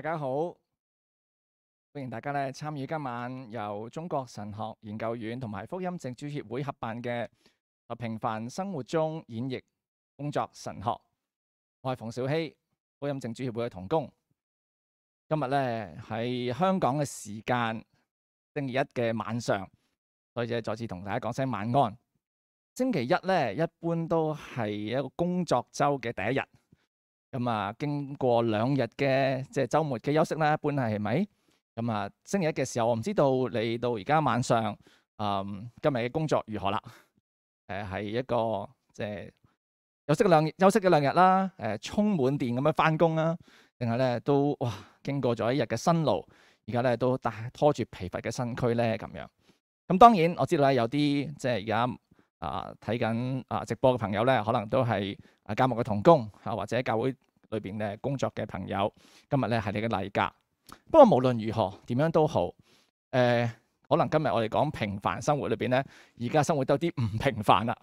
大家好，歡迎大家咧參與今晚由中國神學研究院同埋福音證主協會合辦嘅《平凡生活中演繹工作神學》。我係馮肇熙，福音證主協會嘅同工。今日咧係香港嘅時間星期一嘅晚上，所以再再次同大家講聲晚安。星期一咧一般都係一個工作周嘅第一日。咁、嗯、啊，經過兩日嘅即係周末嘅休息咧，一般係咪？咁、嗯、啊，星期一嘅時候，我唔知道嚟到而家晚上，嗯、今日嘅工作如何啦？誒、呃，係一個即係休息兩休息嘅兩日啦。誒、呃，充滿電咁樣返工啦，定係咧都哇，經過咗一日嘅辛勞，而家咧都拖住疲乏嘅身軀咧咁樣。咁、嗯、當然我知道咧，有啲即係而家啊睇緊啊直播嘅朋友咧，可能都係。教牧嘅同工啊，或者教會裏邊咧工作嘅朋友，今日咧係你嘅例假。不過無論如何，點樣都好，誒、呃，可能今日我哋講平凡生活裏邊咧，而家生活都有啲唔平凡啦。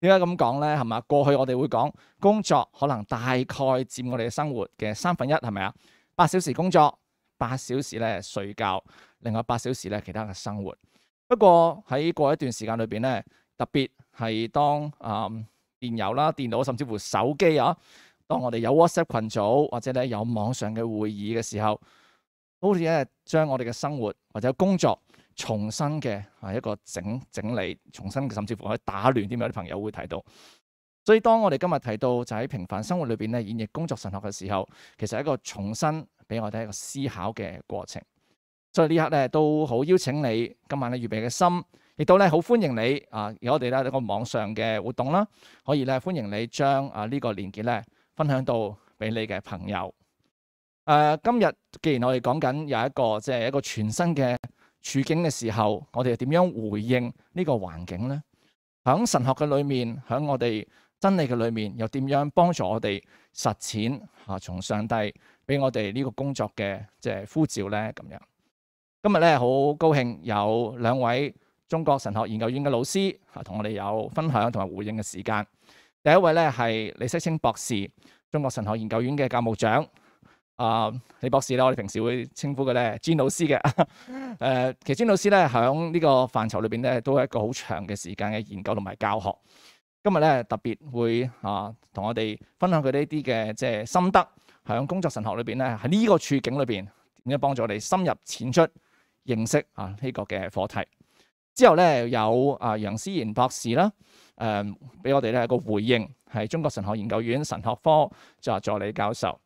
點解咁講咧？係嘛？過去我哋會講工作可能大概佔我哋嘅生活嘅三分一，係咪啊？八小時工作，八小時咧睡覺，另外八小時咧其他嘅生活。不過喺過一段時間裏邊咧，特別係當啊～、嗯電郵啦、電腦甚至乎手機啊，當我哋有 WhatsApp 群組或者咧有網上嘅會議嘅時候，好似咧將我哋嘅生活或者工作重新嘅一個整整理、重新甚至乎可以打亂啲，咁啲朋友會睇到。所以當我哋今日提到就喺平凡生活裏邊咧演繹工作神學嘅時候，其實係一個重新俾我哋一個思考嘅過程。所以刻呢刻咧都好邀請你今晚你預備嘅心。亦都咧好歡迎你啊！有我哋咧一個網上嘅活動啦，可以咧歡迎你將啊呢個連結咧分享到俾你嘅朋友。誒、啊，今日既然我哋講緊有一個即係、就是、一個全新嘅處境嘅時候，我哋又點樣回應呢個環境咧？響神學嘅裏面，響我哋真理嘅裏面，又點樣幫助我哋實踐從、啊、從上帝俾我哋呢個工作嘅即係呼召咧？咁樣今日咧好高興有兩位。中國神學研究院嘅老師啊，同我哋有分享同埋回應嘅時間。第一位咧係李適清博士，中國神學研究院嘅教務長啊、呃，李博士咧，我哋平時會稱呼佢咧詹老師嘅。誒、呃，其實詹老師咧響呢個範疇裏邊咧，都係一個好長嘅時間嘅研究同埋教學。今日咧特別會啊，同我哋分享佢呢啲嘅即係心得，響工作神學裏邊咧，喺呢個處境裏邊，點樣幫助我哋深入淺出認識啊呢個嘅課題。之後咧有啊楊思言博士啦，誒、嗯、俾我哋咧一個回應，係中國神學研究院神學科就助理教授，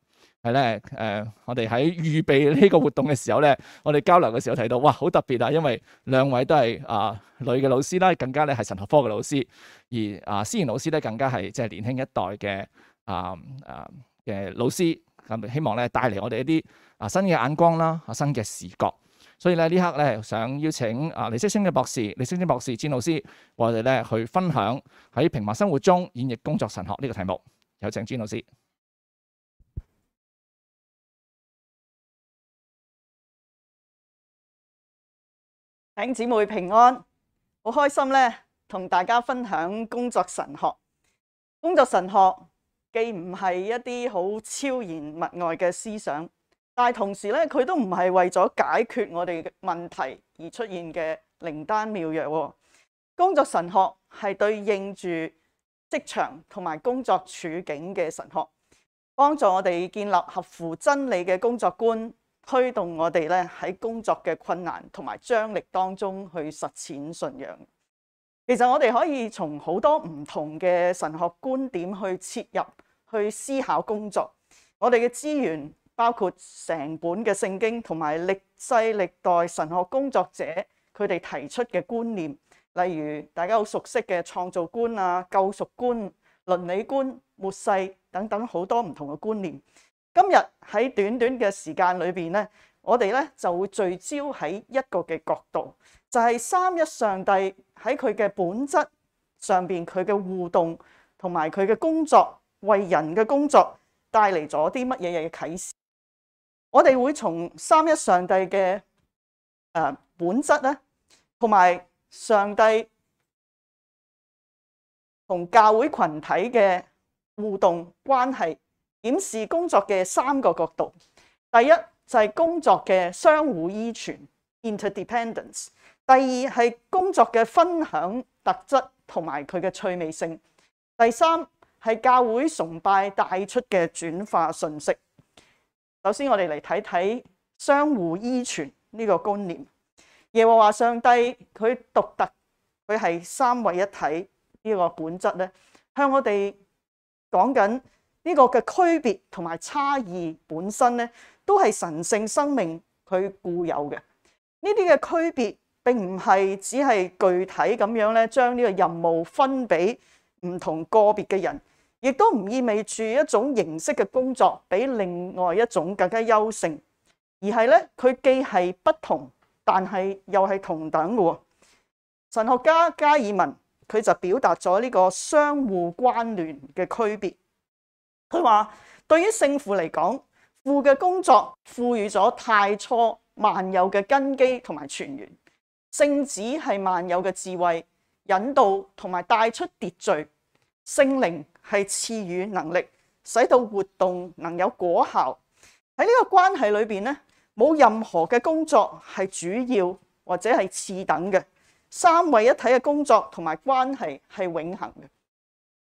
係咧誒，我哋喺預備呢個活動嘅時候咧，我哋交流嘅時候睇到，哇好特別啊，因為兩位都係啊、呃、女嘅老師啦，更加咧係神學科嘅老師，而啊思言老師咧更加係即係年輕一代嘅啊啊嘅老師，咁希望咧帶嚟我哋一啲啊新嘅眼光啦，啊新嘅視覺。所以呢刻咧想邀請啊李適清嘅博士，李適清博士，詹老師，我哋咧去分享喺平凡生活中演繹工作神學呢個題目。有請詹老師。弟姊妹平安，好開心咧，同大家分享工作神學。工作神學既唔係一啲好超然物外嘅思想。但同時咧，佢都唔係為咗解決我哋嘅問題而出現嘅靈丹妙藥。工作神學係對應住職場同埋工作處境嘅神學，幫助我哋建立合乎真理嘅工作觀，推動我哋咧喺工作嘅困難同埋張力當中去實踐信仰。其實我哋可以從好多唔同嘅神學觀點去切入，去思考工作，我哋嘅資源。包括成本嘅聖經同埋歷世歷代神學工作者佢哋提出嘅觀念，例如大家好熟悉嘅創造觀啊、救贖觀、倫理觀、末世等等好多唔同嘅觀念。今日喺短短嘅時間裏邊咧，我哋咧就會聚焦喺一個嘅角度，就係三一上帝喺佢嘅本質上邊佢嘅互動同埋佢嘅工作為人嘅工作帶嚟咗啲乜嘢嘅啟示。我哋會從三一上帝嘅、呃、本質咧，同埋上帝同教會群體嘅互動關係，檢視工作嘅三個角度。第一就係、是、工作嘅相互依存 （interdependence）。第二係工作嘅分享特質同埋佢嘅趣味性。第三係教會崇拜帶出嘅轉化信息。首先，我哋嚟睇睇相互依存呢個觀念。耶和華上帝佢獨特，佢係三位一體呢個本質咧，向我哋講緊呢個嘅區別同埋差異本身咧，都係神性生命佢固有嘅。呢啲嘅區別並唔係只係具體咁樣咧，將呢個任務分俾唔同個別嘅人。亦都唔意味住一種形式嘅工作比另外一種更加優勝，而係咧佢既係不同，但係又係同等嘅喎。神學家加爾文佢就表達咗呢個相互關聯嘅區別。佢話：對於聖父嚟講，父嘅工作賦予咗太初萬有嘅根基同埋泉源；聖子係萬有嘅智慧引導同埋帶出秩序。聖靈係賜予能力，使到活動能有果效。喺呢個關係裏邊咧，冇任何嘅工作係主要或者係次等嘅。三位一體嘅工作同埋關係係永恆嘅。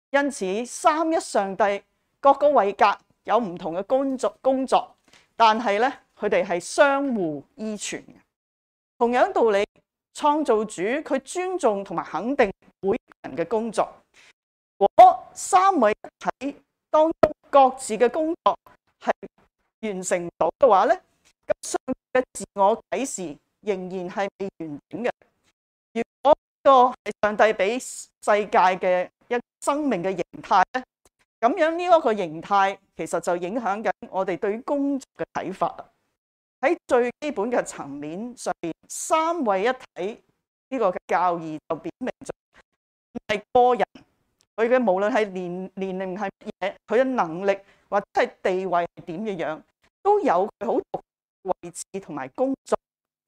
因此，三一上帝各個位格有唔同嘅工作，工作但係咧佢哋係相互依存嘅。同樣道理，創造主佢尊重同埋肯定每一人嘅工作。如果三位一體當中各自嘅工作係完成到嘅話咧，咁上帝嘅自我啟示仍然係未完整嘅。如果呢個係上帝俾世界嘅一生命嘅形態咧，咁樣呢一個形態其實就影響緊我哋對工作嘅睇法啦。喺最基本嘅層面上邊，三位一體呢個嘅教義就表明咗係個人。佢嘅無論係年年齡係乜嘢，佢嘅能力或者係地位係點嘅樣，的樣，都有佢好獨位置同埋工作，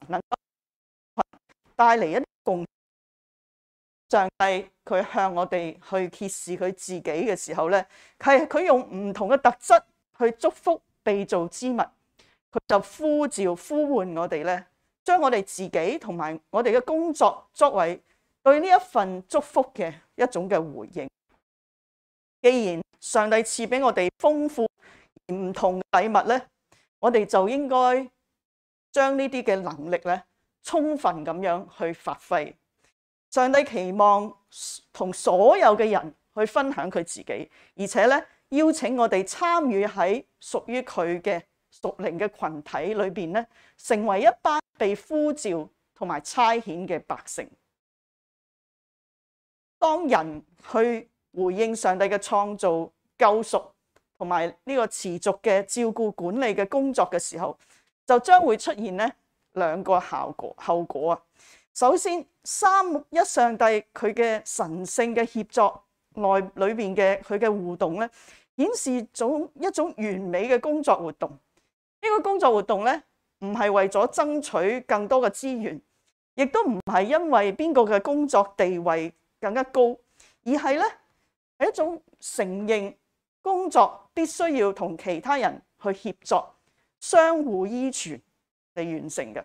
能夠帶嚟一啲共。上帝佢向我哋去揭示佢自己嘅時候咧，係佢用唔同嘅特質去祝福被造之物，佢就呼召呼喚我哋咧，將我哋自己同埋我哋嘅工作作為對呢一份祝福嘅一種嘅回應。既然上帝賜俾我哋豐富而唔同禮物咧，我哋就應該將呢啲嘅能力咧，充分咁樣去發揮。上帝期望同所有嘅人去分享佢自己，而且咧邀請我哋參與喺屬於佢嘅屬靈嘅群體裏面咧，成為一班被呼召同埋差遣嘅百姓。當人去。回應上帝嘅創造、救贖同埋呢個持續嘅照顧、管理嘅工作嘅時候，就將會出現呢兩個效果後果啊。首先，三一上帝佢嘅神聖嘅協作內裏邊嘅佢嘅互動呢，顯示咗一種完美嘅工作活動。呢個工作活動呢，唔係為咗爭取更多嘅資源，亦都唔係因為邊個嘅工作地位更加高，而係呢，係一種承認工作必須要同其他人去協作、相互依存嚟完成嘅。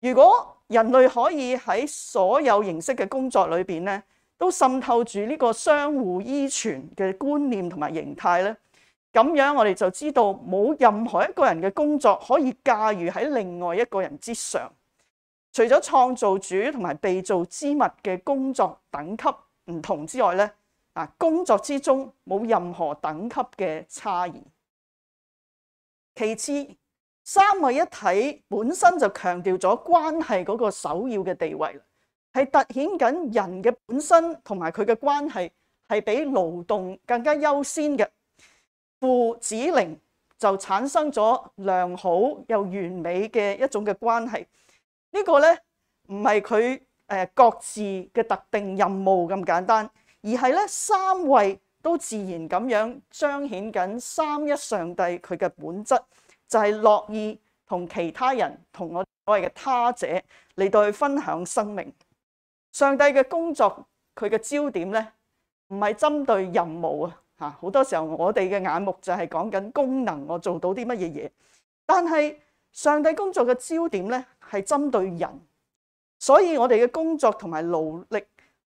如果人類可以喺所有形式嘅工作裏面咧，都滲透住呢個相互依存嘅觀念同埋形態咧，咁樣我哋就知道冇任何一個人嘅工作可以駕馭喺另外一個人之上。除咗創造主同埋被造之物嘅工作等級唔同之外咧。工作之中冇任何等級嘅差異。其次，三位一體本身就強調咗關係嗰個首要嘅地位，係凸顯緊人嘅本身同埋佢嘅關係係比勞動更加優先嘅。父子靈就產生咗良好又完美嘅一種嘅關係。這個、呢個咧唔係佢誒各自嘅特定任務咁簡單。而係咧，三位都自然咁樣彰顯緊三一上帝佢嘅本質，就係樂意同其他人同我所謂嘅他者嚟到去分享生命。上帝嘅工作佢嘅焦點咧，唔係針對任務啊嚇。好多時候我哋嘅眼目就係講緊功能，我做到啲乜嘢嘢。但係上帝工作嘅焦點咧，係針對人。所以我哋嘅工作同埋勞力。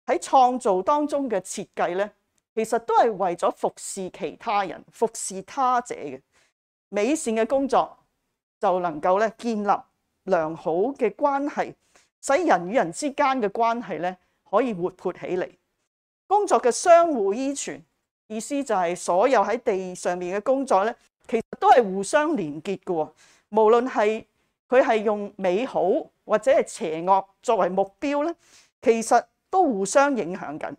喺創造當中嘅設計咧，其實都係為咗服侍其他人、服侍他者嘅美善嘅工作，就能夠咧建立良好嘅關係，使人與人之間嘅關係咧可以活潑起嚟。工作嘅相互依存，意思就係所有喺地上面嘅工作咧，其實都係互相連結嘅。無論係佢係用美好或者係邪惡作為目標咧，其實。都互相影響緊，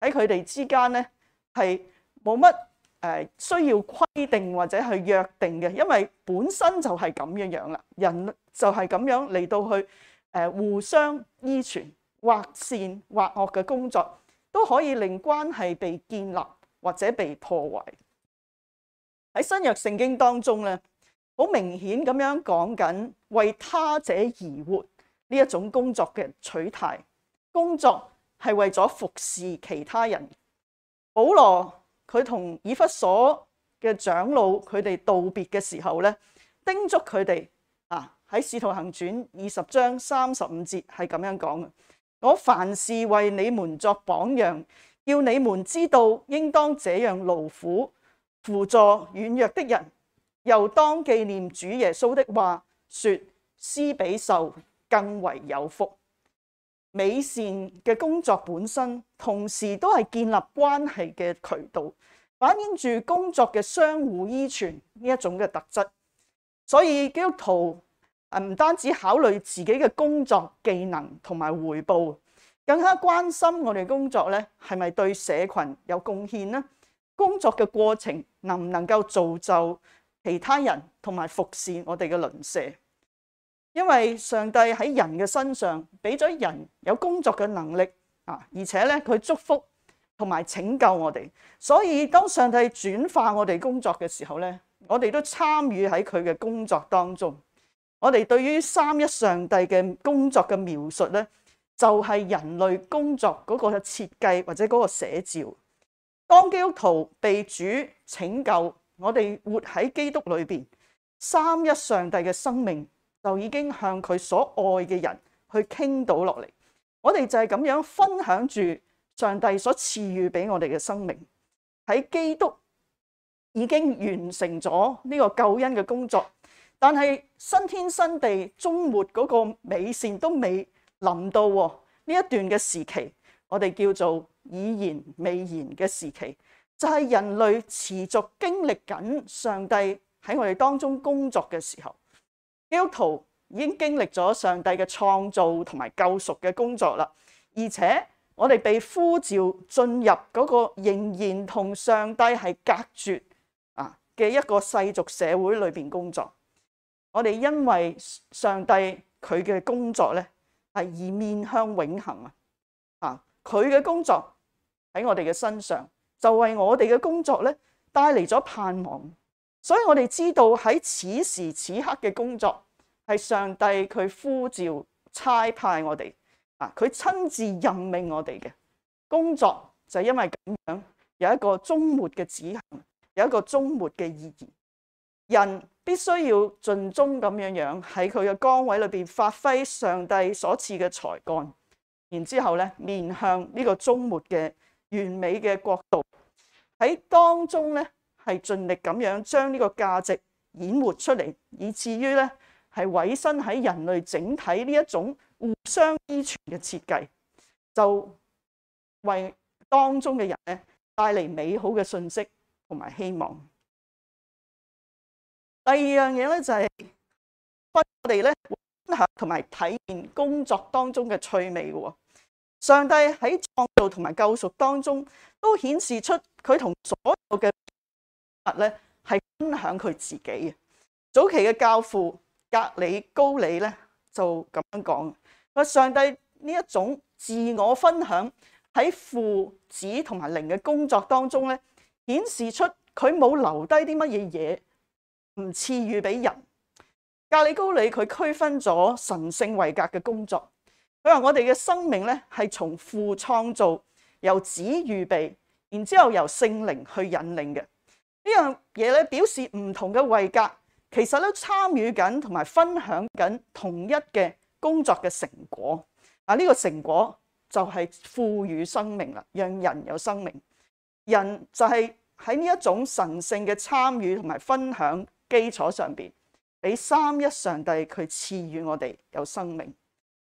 喺佢哋之間咧係冇乜誒需要規定或者係約定嘅，因為本身就係咁樣樣啦。人就係咁樣嚟到去誒、呃、互相依存，或善或惡嘅工作都可以令關係被建立或者被破壞。喺新約聖經當中咧，好明顯咁樣講緊為他者而活呢一種工作嘅取態工作。係為咗服侍其他人。保羅佢同以弗所嘅長老佢哋道別嘅時候呢，叮囑佢哋啊，喺《使徒行傳》二十章三十五節係咁樣講嘅：我凡事為你們作榜樣，叫你們知道應當這樣勞苦，扶助軟弱的人，又當記念主耶穌的話，說：施比受更為有福。美善嘅工作本身，同時都係建立關係嘅渠道，反映住工作嘅相互依存呢一種嘅特質。所以基督徒唔單止考慮自己嘅工作技能同埋回報，更加關心我哋工作咧係咪對社群有貢獻呢？工作嘅過程能唔能夠造就其他人同埋服侍我哋嘅鄰舍？因為上帝喺人嘅身上俾咗人有工作嘅能力啊，而且咧佢祝福同埋拯救我哋，所以當上帝轉化我哋工作嘅時候咧，我哋都參與喺佢嘅工作當中。我哋對於三一上帝嘅工作嘅描述咧，就係、是、人類工作嗰個設計或者嗰個寫照。當基督徒被主拯救，我哋活喺基督裏邊，三一上帝嘅生命。就已經向佢所愛嘅人去傾倒落嚟，我哋就係咁樣分享住上帝所賜予俾我哋嘅生命。喺基督已經完成咗呢個救恩嘅工作，但係新天新地終末嗰個美善都未臨到呢一段嘅時期，我哋叫做已然未然嘅時期，就係人類持續經歷緊上帝喺我哋當中工作嘅時候。基督徒已經經歷咗上帝嘅創造同埋救贖嘅工作啦，而且我哋被呼召進入嗰個仍然同上帝係隔絕啊嘅一個世俗社會裏邊工作。我哋因為上帝佢嘅工作咧，係而面向永恒啊，啊佢嘅工作喺我哋嘅身上就為我哋嘅工作咧帶嚟咗盼望，所以我哋知道喺此時此刻嘅工作，係上帝佢呼召差派我哋啊，佢親自任命我哋嘅工作就係因為咁樣有一個終末嘅指向，有一個終末嘅意義，人必須要盡忠咁樣樣喺佢嘅崗位裏邊發揮上帝所賜嘅才幹，然之後咧面向呢個終末嘅完美嘅國度，喺當中咧係盡力咁樣將呢個價值演活出嚟，以至於咧。係委身喺人類整體呢一種互相依存嘅設計，就為當中嘅人咧帶嚟美好嘅信息同埋希望。第二樣嘢咧就係、是、幫我哋咧分享同埋體現工作當中嘅趣味嘅喎。上帝喺創造同埋救贖當中都顯示出佢同所有嘅物咧係分享佢自己嘅。早期嘅教父。格里高里咧就咁樣講，佢上帝呢一種自我分享喺父、子同埋靈嘅工作當中咧，顯示出佢冇留低啲乜嘢嘢，唔賜予俾人。格里高里佢區分咗神聖位格嘅工作，佢話我哋嘅生命咧係從父創造，由子預備，然之後由聖靈去引領嘅、這個、呢樣嘢咧，表示唔同嘅位格。其實都參與緊同埋分享緊同一嘅工作嘅成果，啊！呢個成果就係賦予生命啦，讓人有生命。人就係喺呢一種神聖嘅參與同埋分享基礎上邊，俾三一上帝佢賜予我哋有生命。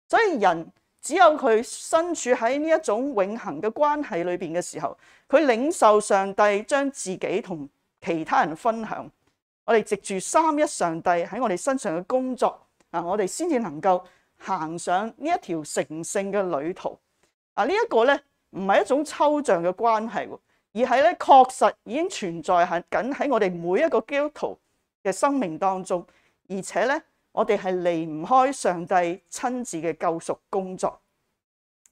所以人只有佢身處喺呢一種永恒嘅關係裏面嘅時候，佢領受上帝將自己同其他人分享。我哋藉住三一上帝喺我哋身上嘅工作，啊，我哋先至能夠行上呢一條成聖嘅旅途。啊，呢一個咧唔係一種抽象嘅關係，而係咧確實已經存在喺緊喺我哋每一個基督徒嘅生命當中，而且咧我哋係離唔開上帝親自嘅救贖工作。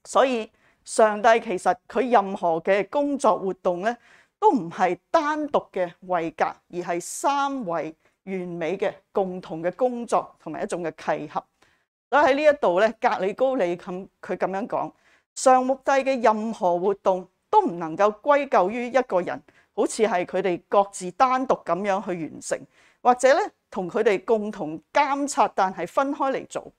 所以上帝其實佢任何嘅工作活動咧，都唔係單獨嘅位格，而係三位完美嘅共同嘅工作，同埋一種嘅契合。就喺呢一度咧，格里高利咁佢咁樣講：上目帝嘅任何活動都唔能夠歸咎於一個人，好似係佢哋各自單獨咁樣去完成，或者咧同佢哋共同監察，但係分開嚟做。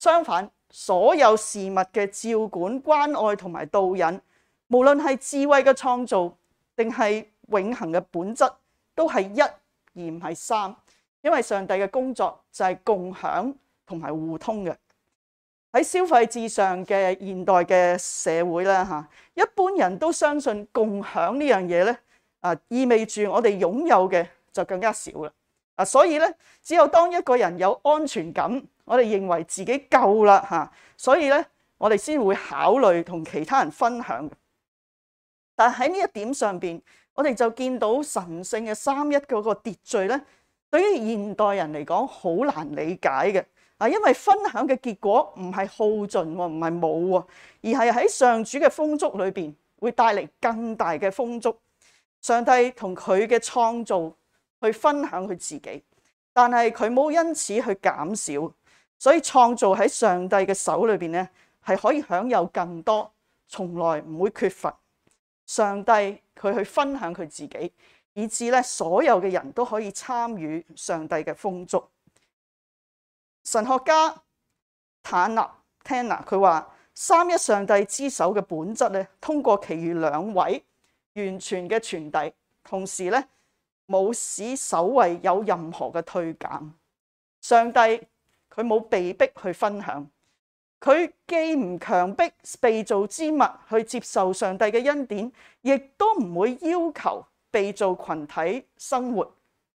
相反，所有事物嘅照管、關愛同埋導引，無論係智慧嘅創造。定係永恆嘅本質都係一而唔係三，因為上帝嘅工作就係共享同埋互通嘅。喺消費至上嘅現代嘅社會啦，嚇，一般人都相信共享呢樣嘢咧，啊，意味住我哋擁有嘅就更加少啦。啊，所以咧，只有當一個人有安全感，我哋認為自己夠啦，嚇，所以咧，我哋先會考慮同其他人分享。但係喺呢一點上邊，我哋就見到神聖嘅三一嗰個秩序咧，對於現代人嚟講好難理解嘅啊，因為分享嘅結果唔係耗盡，唔係冇，而係喺上主嘅豐足裏邊會帶嚟更大嘅豐足。上帝同佢嘅創造去分享佢自己，但係佢冇因此去減少，所以創造喺上帝嘅手裏邊咧係可以享有更多，從來唔會缺乏。上帝佢去分享佢自己，以至咧所有嘅人都可以參與上帝嘅豐足。神學家坦納 Tanner 佢話：三一上帝之手嘅本質咧，通過其餘兩位完全嘅傳遞，同時咧冇使首位有任何嘅退減。上帝佢冇被逼去分享。佢既唔強迫被造之物去接受上帝嘅恩典，亦都唔會要求被造群體生活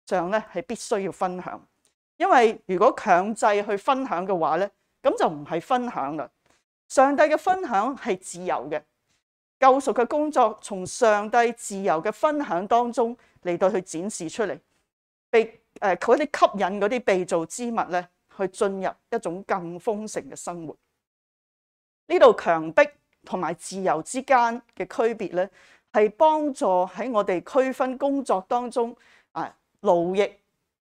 上咧係必須要分享。因為如果強制去分享嘅話咧，咁就唔係分享啦。上帝嘅分享係自由嘅，救贖嘅工作從上帝自由嘅分享當中嚟到去展示出嚟，被誒佢啲吸引嗰啲被造之物咧去進入一種更豐盛嘅生活。呢度強迫同埋自由之間嘅區別咧，係幫助喺我哋區分工作當中啊勞役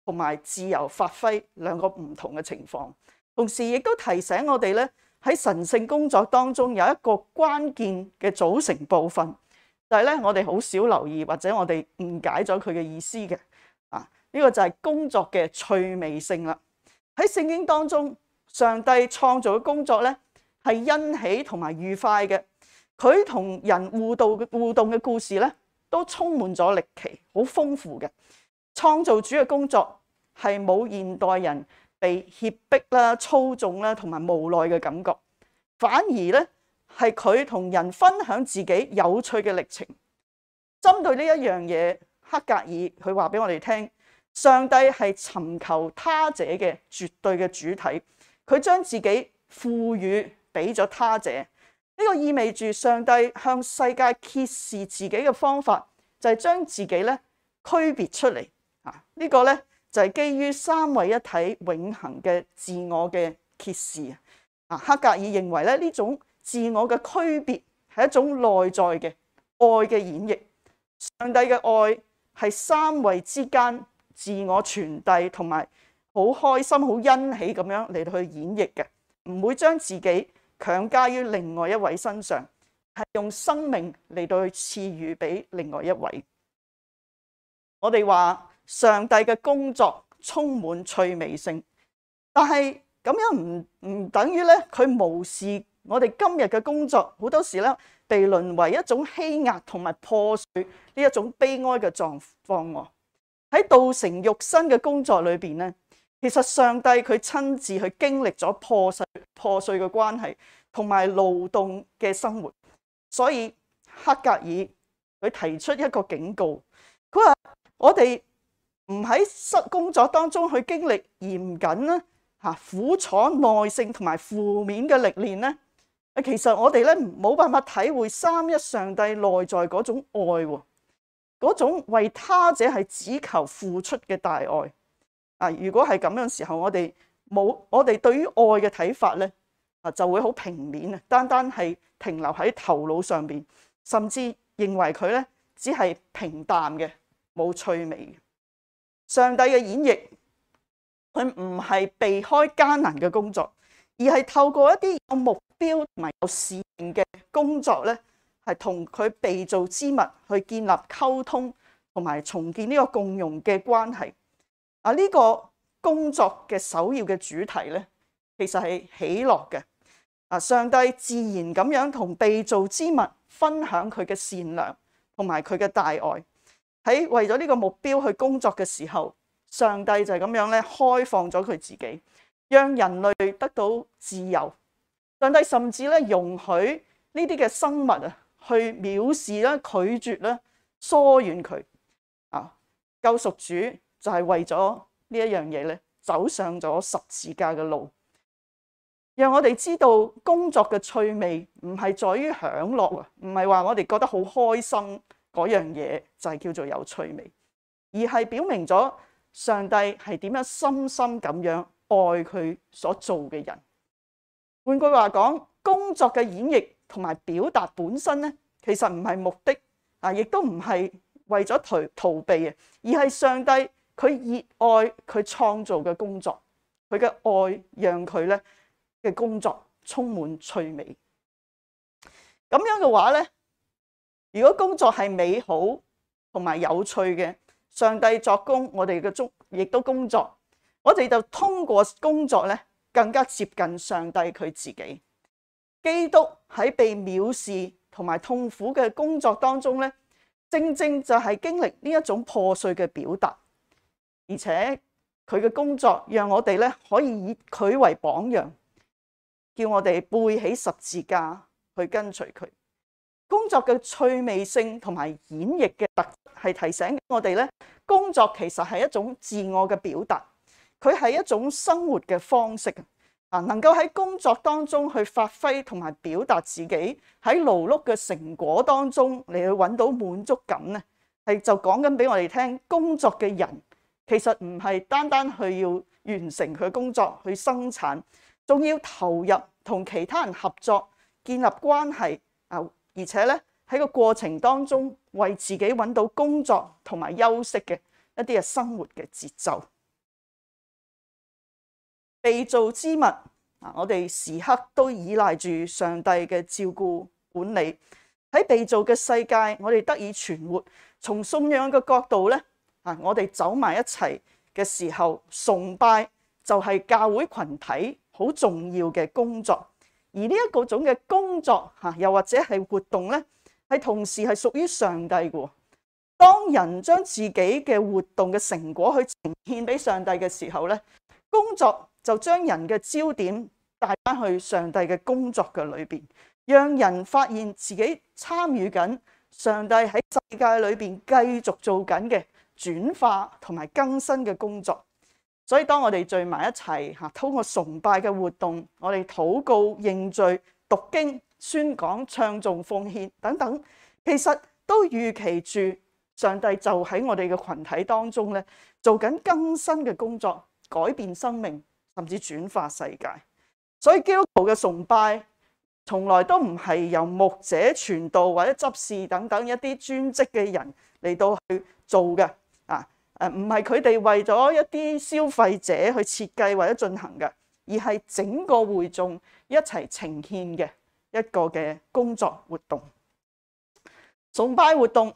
同埋自由發揮兩個唔同嘅情況，同時亦都提醒我哋咧喺神聖工作當中有一個關鍵嘅組成部分，就係咧我哋好少留意或者我哋誤解咗佢嘅意思嘅啊！呢個就係工作嘅趣味性啦。喺聖經當中，上帝創造嘅工作咧。係欣喜同埋愉快嘅，佢同人互動嘅互動嘅故事咧，都充滿咗歷奇，好豐富嘅。創造主嘅工作係冇現代人被脅迫啦、操縱啦同埋無奈嘅感覺，反而咧係佢同人分享自己有趣嘅歷程。針對呢一樣嘢，黑格爾佢話俾我哋聽：上帝係尋求他者嘅絕對嘅主體，佢將自己賦予。俾咗他者，呢、呢個意味住上帝向世界揭示自己嘅方法，就係、是、將自己咧區別出嚟啊！這個、呢個咧就係、是、基於三位一體永恆嘅自我嘅揭示啊！黑格爾認為咧呢種自我嘅區別係一種內在嘅愛嘅演繹，上帝嘅愛係三位之間自我傳遞同埋好開心好欣喜咁樣嚟到去演繹嘅，唔會將自己。強加於另外一位身上，係用生命嚟到去賜予俾另外一位。我哋話上帝嘅工作充滿趣味性，但係咁樣唔唔等於咧，佢無視我哋今日嘅工作，好多時咧被淪為一種欺壓同埋破碎呢一種悲哀嘅狀況喎。喺道成肉身嘅工作裏邊咧。其實上帝佢親自去經歷咗破碎破碎嘅關係，同埋勞動嘅生活，所以黑格爾佢提出一個警告，佢話我哋唔喺失工作當中去經歷嚴謹啦吓，苦楚耐性、同埋負面嘅歷練咧，其實我哋咧冇辦法體會三一上帝內在嗰種愛，嗰種為他者係只求付出嘅大愛。啊！如果係咁樣的時候，我哋冇我哋對於愛嘅睇法咧，啊就會好平面啊，單單係停留喺頭腦上邊，甚至認為佢咧只係平淡嘅，冇趣味嘅。上帝嘅演繹，佢唔係避開艱難嘅工作，而係透過一啲有目標同埋有使命嘅工作咧，係同佢被造之物去建立溝通同埋重建呢個共融嘅關係。啊！呢個工作嘅首要嘅主題咧，其實係喜樂嘅。啊！上帝自然咁樣同被造之物分享佢嘅善良同埋佢嘅大愛。喺為咗呢個目標去工作嘅時候，上帝就係咁樣咧開放咗佢自己，讓人類得到自由。上帝甚至咧容許呢啲嘅生物啊，去藐視啦、拒絕啦、疏遠佢啊，救贖主。就係為咗呢一樣嘢咧，走上咗十字架嘅路，讓我哋知道工作嘅趣味唔係在於享樂啊，唔係話我哋覺得好開心嗰樣嘢就係叫做有趣味，而係表明咗上帝係點樣深深咁樣愛佢所做嘅人。換句話講，工作嘅演繹同埋表達本身咧，其實唔係目的啊，亦都唔係為咗逃逃避啊，而係上帝。佢熱愛佢創造嘅工作，佢嘅愛讓佢咧嘅工作充滿趣味。咁樣嘅話咧，如果工作係美好同埋有趣嘅，上帝作工，我哋嘅中亦都工作，我哋就通過工作咧，更加接近上帝佢自己。基督喺被藐視同埋痛苦嘅工作當中咧，正正就係經歷呢一種破碎嘅表達。而且佢嘅工作讓我哋咧可以以佢為榜樣，叫我哋背起十字架去跟隨佢。工作嘅趣味性同埋演繹嘅特質係提醒我哋咧，工作其實係一種自我嘅表達，佢係一種生活嘅方式啊！能夠喺工作當中去發揮同埋表達自己喺勞碌嘅成果當中嚟去揾到滿足感咧，係就講緊俾我哋聽工作嘅人。其實唔係單單去要完成佢工作去生產，仲要投入同其他人合作建立關係啊！而且咧喺個過程當中，為自己揾到工作同埋休息嘅一啲嘅生活嘅節奏。被造之物啊，我哋時刻都依賴住上帝嘅照顧管理，喺被造嘅世界，我哋得以存活。從信仰嘅角度咧。我哋走埋一齊嘅時候，崇拜就係教會群體好重要嘅工作。而呢一個種嘅工作，吓又或者係活動呢，係同時係屬於上帝嘅。當人將自己嘅活動嘅成果去呈獻俾上帝嘅時候呢，工作就將人嘅焦點帶翻去上帝嘅工作嘅裏邊，讓人發現自己參與緊上帝喺世界裏邊繼續做緊嘅，轉化同埋更新嘅工作，所以當我哋聚埋一齊吓，通過崇拜嘅活動，我哋禱告、認罪、讀經、讀經宣講、唱誦奉獻等等，其實都預期住上帝就喺我哋嘅群體當中咧，做緊更新嘅工作，改變生命，甚至轉化世界。所以基督徒嘅崇拜從來都唔係由牧者傳道或者執事等等一啲專職嘅人嚟到去做嘅。誒，唔係佢哋為咗一啲消費者去設計或者進行嘅，而係整個會眾一齊呈現嘅一個嘅工作活動。崇拜活動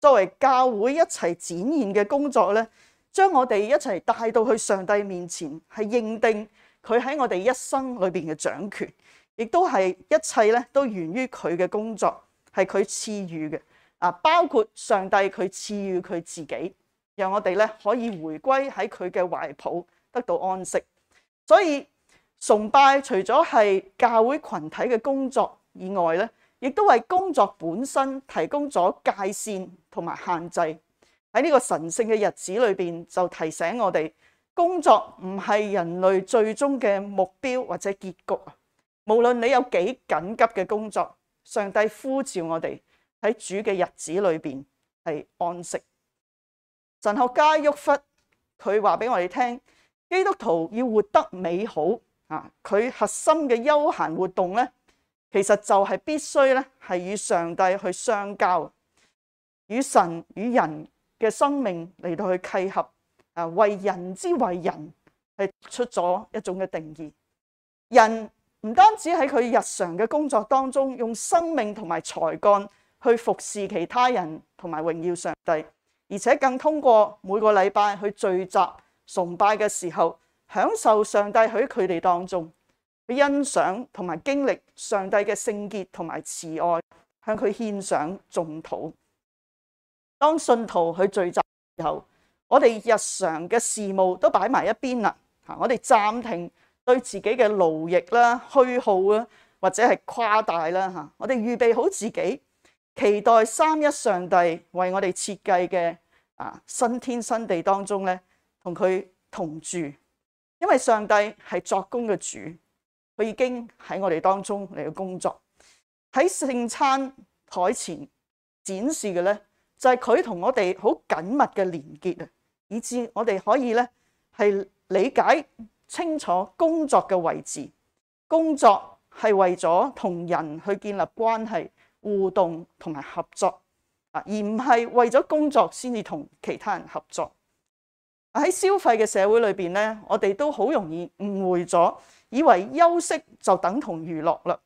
作為教會一齊展現嘅工作咧，將我哋一齊帶到去上帝面前，係認定佢喺我哋一生裏邊嘅掌權，亦都係一切咧都源於佢嘅工作，係佢賜予嘅啊，包括上帝佢賜予佢自己。讓我哋咧可以回歸喺佢嘅懷抱，得到安息。所以崇拜除咗係教會群體嘅工作以外咧，亦都為工作本身提供咗界線同埋限制。喺呢個神聖嘅日子裏邊，就提醒我哋工作唔係人類最終嘅目標或者結局啊！無論你有幾緊急嘅工作，上帝呼召我哋喺主嘅日子裏邊係安息。神學家沃弗佢話俾我哋聽，基督徒要活得美好啊！佢核心嘅休閒活動咧，其實就係必須咧，係與上帝去相交，與神與人嘅生命嚟到去契合啊！為人之為人，係出咗一種嘅定義。人唔單止喺佢日常嘅工作當中，用生命同埋才幹去服侍其他人，同埋榮耀上帝。而且更通過每個禮拜去聚集崇拜嘅時候，享受上帝喺佢哋當中，去欣賞同埋經歷上帝嘅聖潔同埋慈愛，向佢獻上眾土。當信徒去聚集嘅時候，我哋日常嘅事務都擺埋一邊啦，吓，我哋暫停對自己嘅勞役啦、虛耗啊，或者係誇大啦，吓，我哋預備好自己。期待三一上帝為我哋設計嘅啊新天新地當中咧，同佢同住，因為上帝係作工嘅主，佢已經喺我哋當中嚟到工作。喺聖餐台前展示嘅咧，就係佢同我哋好緊密嘅連結啊，以至我哋可以咧係理解清楚工作嘅位置。工作係為咗同人去建立關係。互動同埋合作啊，而唔係為咗工作先至同其他人合作。喺消費嘅社會裏邊咧，我哋都好容易誤會咗，以為休息就等同娛樂啦。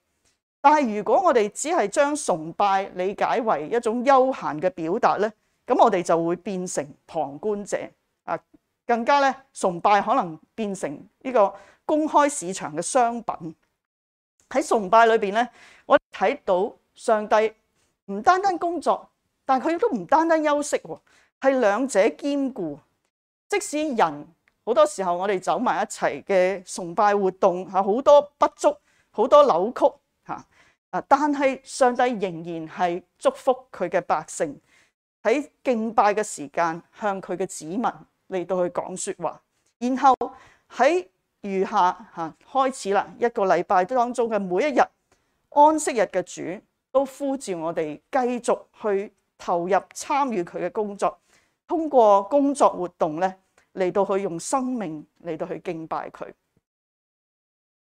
但係如果我哋只係將崇拜理解為一種休閒嘅表達咧，咁我哋就會變成旁觀者啊。更加咧，崇拜可能變成呢個公開市場嘅商品。喺崇拜裏邊咧，我睇到。上帝唔單單工作，但佢亦都唔單單休息喎，係兩者兼顧。即使人好多時候，我哋走埋一齊嘅崇拜活動嚇好多不足，好多扭曲，但係上帝仍然係祝福佢嘅百姓，喺敬拜嘅時間向佢嘅子民嚟到去講説話，然後喺餘下嚇開始啦一個禮拜當中嘅每一日，安息日嘅主。都呼召我哋繼續去投入參與佢嘅工作，通過工作活動咧嚟到去用生命嚟到去敬拜佢。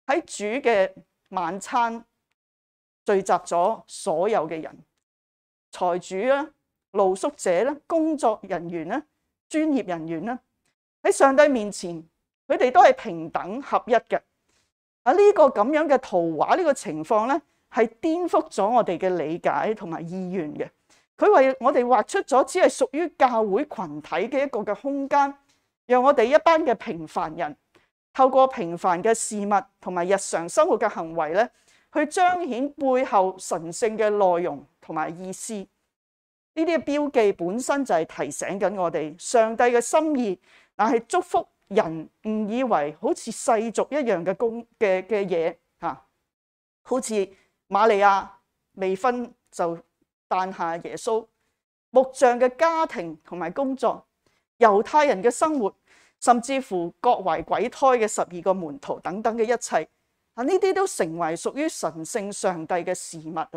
喺主嘅晚餐聚集咗所有嘅人，財主啦、露宿者啦、工作人員啦、專業人員啦，喺上帝面前，佢哋都係平等合一嘅。喺呢個咁樣嘅圖畫，呢個情況咧。係顛覆咗我哋嘅理解同埋意願嘅。佢為我哋畫出咗只係屬於教會群體嘅一個嘅空間，讓我哋一班嘅平凡人透過平凡嘅事物同埋日常生活嘅行為咧，去彰顯背後神聖嘅內容同埋意思。呢啲嘅標記本身就係提醒緊我哋上帝嘅心意，但係祝福人誤以為好似世俗一樣嘅工嘅嘅嘢嚇，好似。瑪利亞未婚就誕下耶穌，木匠嘅家庭同埋工作，猶太人嘅生活，甚至乎各懷鬼胎嘅十二個門徒等等嘅一切，啊呢啲都成為屬於神聖上帝嘅事物啊！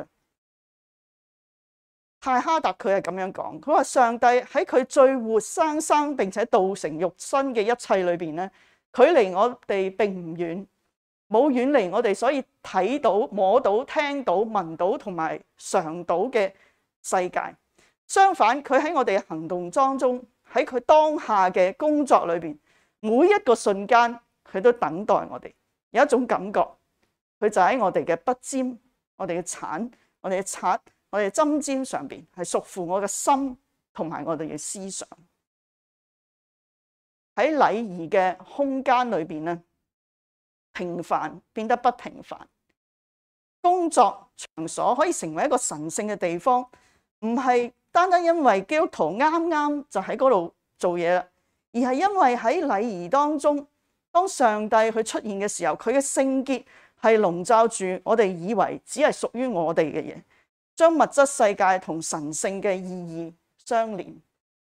泰哈達佢係咁樣講，佢話上帝喺佢最活生生並且道成肉身嘅一切裏面咧，距離我哋並唔遠。冇遠離我哋，所以睇到、摸到、聽到、聞到同埋嘗到嘅世界。相反，佢喺我哋行動當中，喺佢當下嘅工作裏邊，每一個瞬間佢都等待我哋。有一種感覺，佢就喺我哋嘅筆尖、我哋嘅鏟、我哋嘅刷、我哋針尖上邊，係屬乎我嘅心同埋我哋嘅思想。喺禮儀嘅空間裏邊咧。平凡變得不平凡，工作場所可以成為一個神聖嘅地方，唔係單單因為基督徒啱啱就喺嗰度做嘢啦，而係因為喺禮儀當中，當上帝佢出現嘅時候，佢嘅聖潔係籠罩住我哋以為只係屬於我哋嘅嘢，將物質世界同神聖嘅意義相連。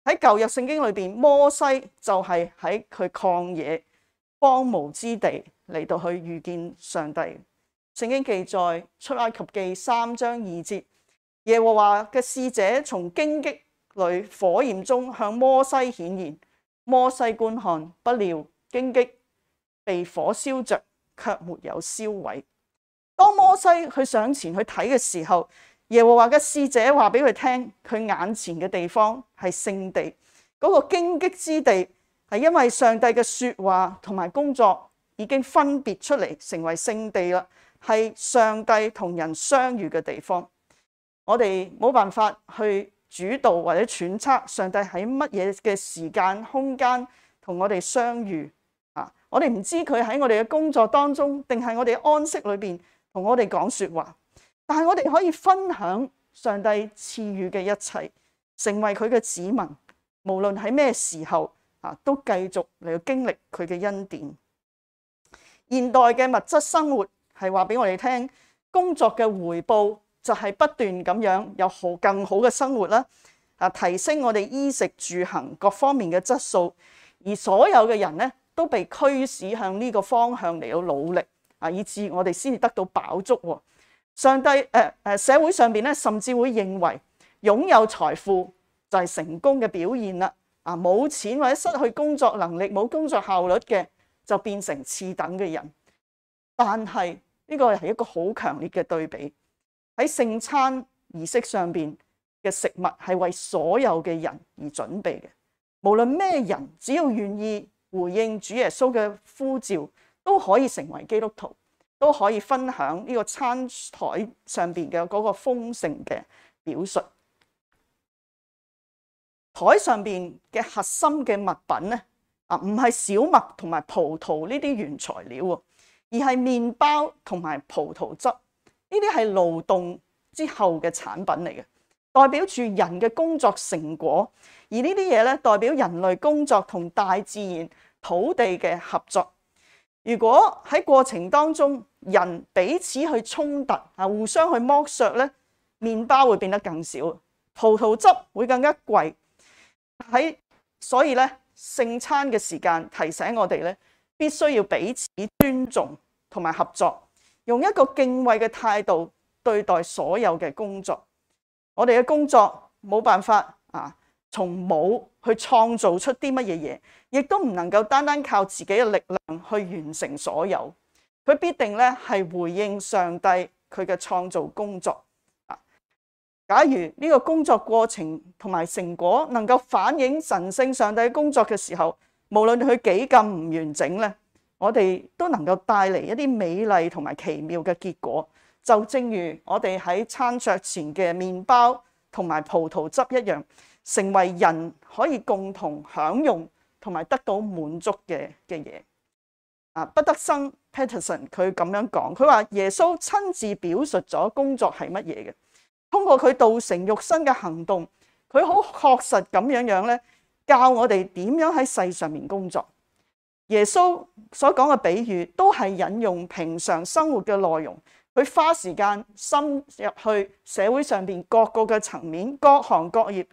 喺舊約聖經裏邊，摩西就係喺佢曠野。荒蕪之地嚟到去遇見上帝。聖經記載，出埃及記三章二節，耶和華嘅使者從荊棘裏火焰中向摩西顯現。摩西觀看不，不料荊棘被火燒着，卻沒有燒毀。當摩西佢上前去睇嘅時候，耶和華嘅使者話俾佢聽，佢眼前嘅地方係聖地，嗰、那個荊棘之地。係因為上帝嘅說話同埋工作已經分別出嚟，成為聖地啦，係上帝同人相遇嘅地方。我哋冇辦法去主導或者揣測上帝喺乜嘢嘅時間空間同我哋相遇啊！我哋唔知佢喺我哋嘅工作當中，定係我哋嘅安息裏邊同我哋講說話。但係我哋可以分享上帝賜予嘅一切，成為佢嘅子民，無論喺咩時候。啊，都繼續嚟到經歷佢嘅恩典。現代嘅物質生活係話俾我哋聽，工作嘅回報就係不斷咁樣有好更好嘅生活啦。啊，提升我哋衣食住行各方面嘅質素，而所有嘅人咧都被驅使向呢個方向嚟到努力啊，以致我哋先至得到飽足喎。上帝誒誒、呃，社會上邊咧甚至會認為擁有財富就係成功嘅表現啦。啊！冇錢或者失去工作能力、冇工作效率嘅，就變成次等嘅人。但係呢個係一個好強烈嘅對比。喺聖餐儀式上邊嘅食物係為所有嘅人而準備嘅，無論咩人，只要願意回應主耶穌嘅呼召，都可以成為基督徒，都可以分享呢個餐台上邊嘅嗰個豐盛嘅表述。台上邊嘅核心嘅物品咧，啊，唔係小麥同埋葡萄呢啲原材料喎，而係麵包同埋葡萄汁，呢啲係勞動之後嘅產品嚟嘅，代表住人嘅工作成果。而這些東西呢啲嘢咧，代表人類工作同大自然土地嘅合作。如果喺過程當中人彼此去衝突啊，互相去剝削咧，麵包會變得更少，葡萄汁會更加貴。喺所以咧，聖餐嘅時間提醒我哋咧，必須要彼此尊重同埋合作，用一個敬畏嘅態度對待所有嘅工作。我哋嘅工作冇辦法啊，從冇去創造出啲乜嘢嘢，亦都唔能夠單單靠自己嘅力量去完成所有。佢必定咧係回應上帝佢嘅創造工作。假如呢個工作過程同埋成果能夠反映神聖上帝嘅工作嘅時候，無論佢幾咁唔完整咧，我哋都能夠帶嚟一啲美麗同埋奇妙嘅結果，就正如我哋喺餐桌前嘅麵包同埋葡萄汁一樣，成為人可以共同享用同埋得到滿足嘅嘅嘢。彼得生 Peterson 佢咁樣講，佢話耶穌親自表述咗工作係乜嘢嘅。通過佢道成肉身嘅行動，佢好確實咁樣樣咧，教我哋點樣喺世上面工作。耶穌所講嘅比喻都係引用平常生活嘅內容，佢花時間深入去社會上邊各個嘅層面、各行各業，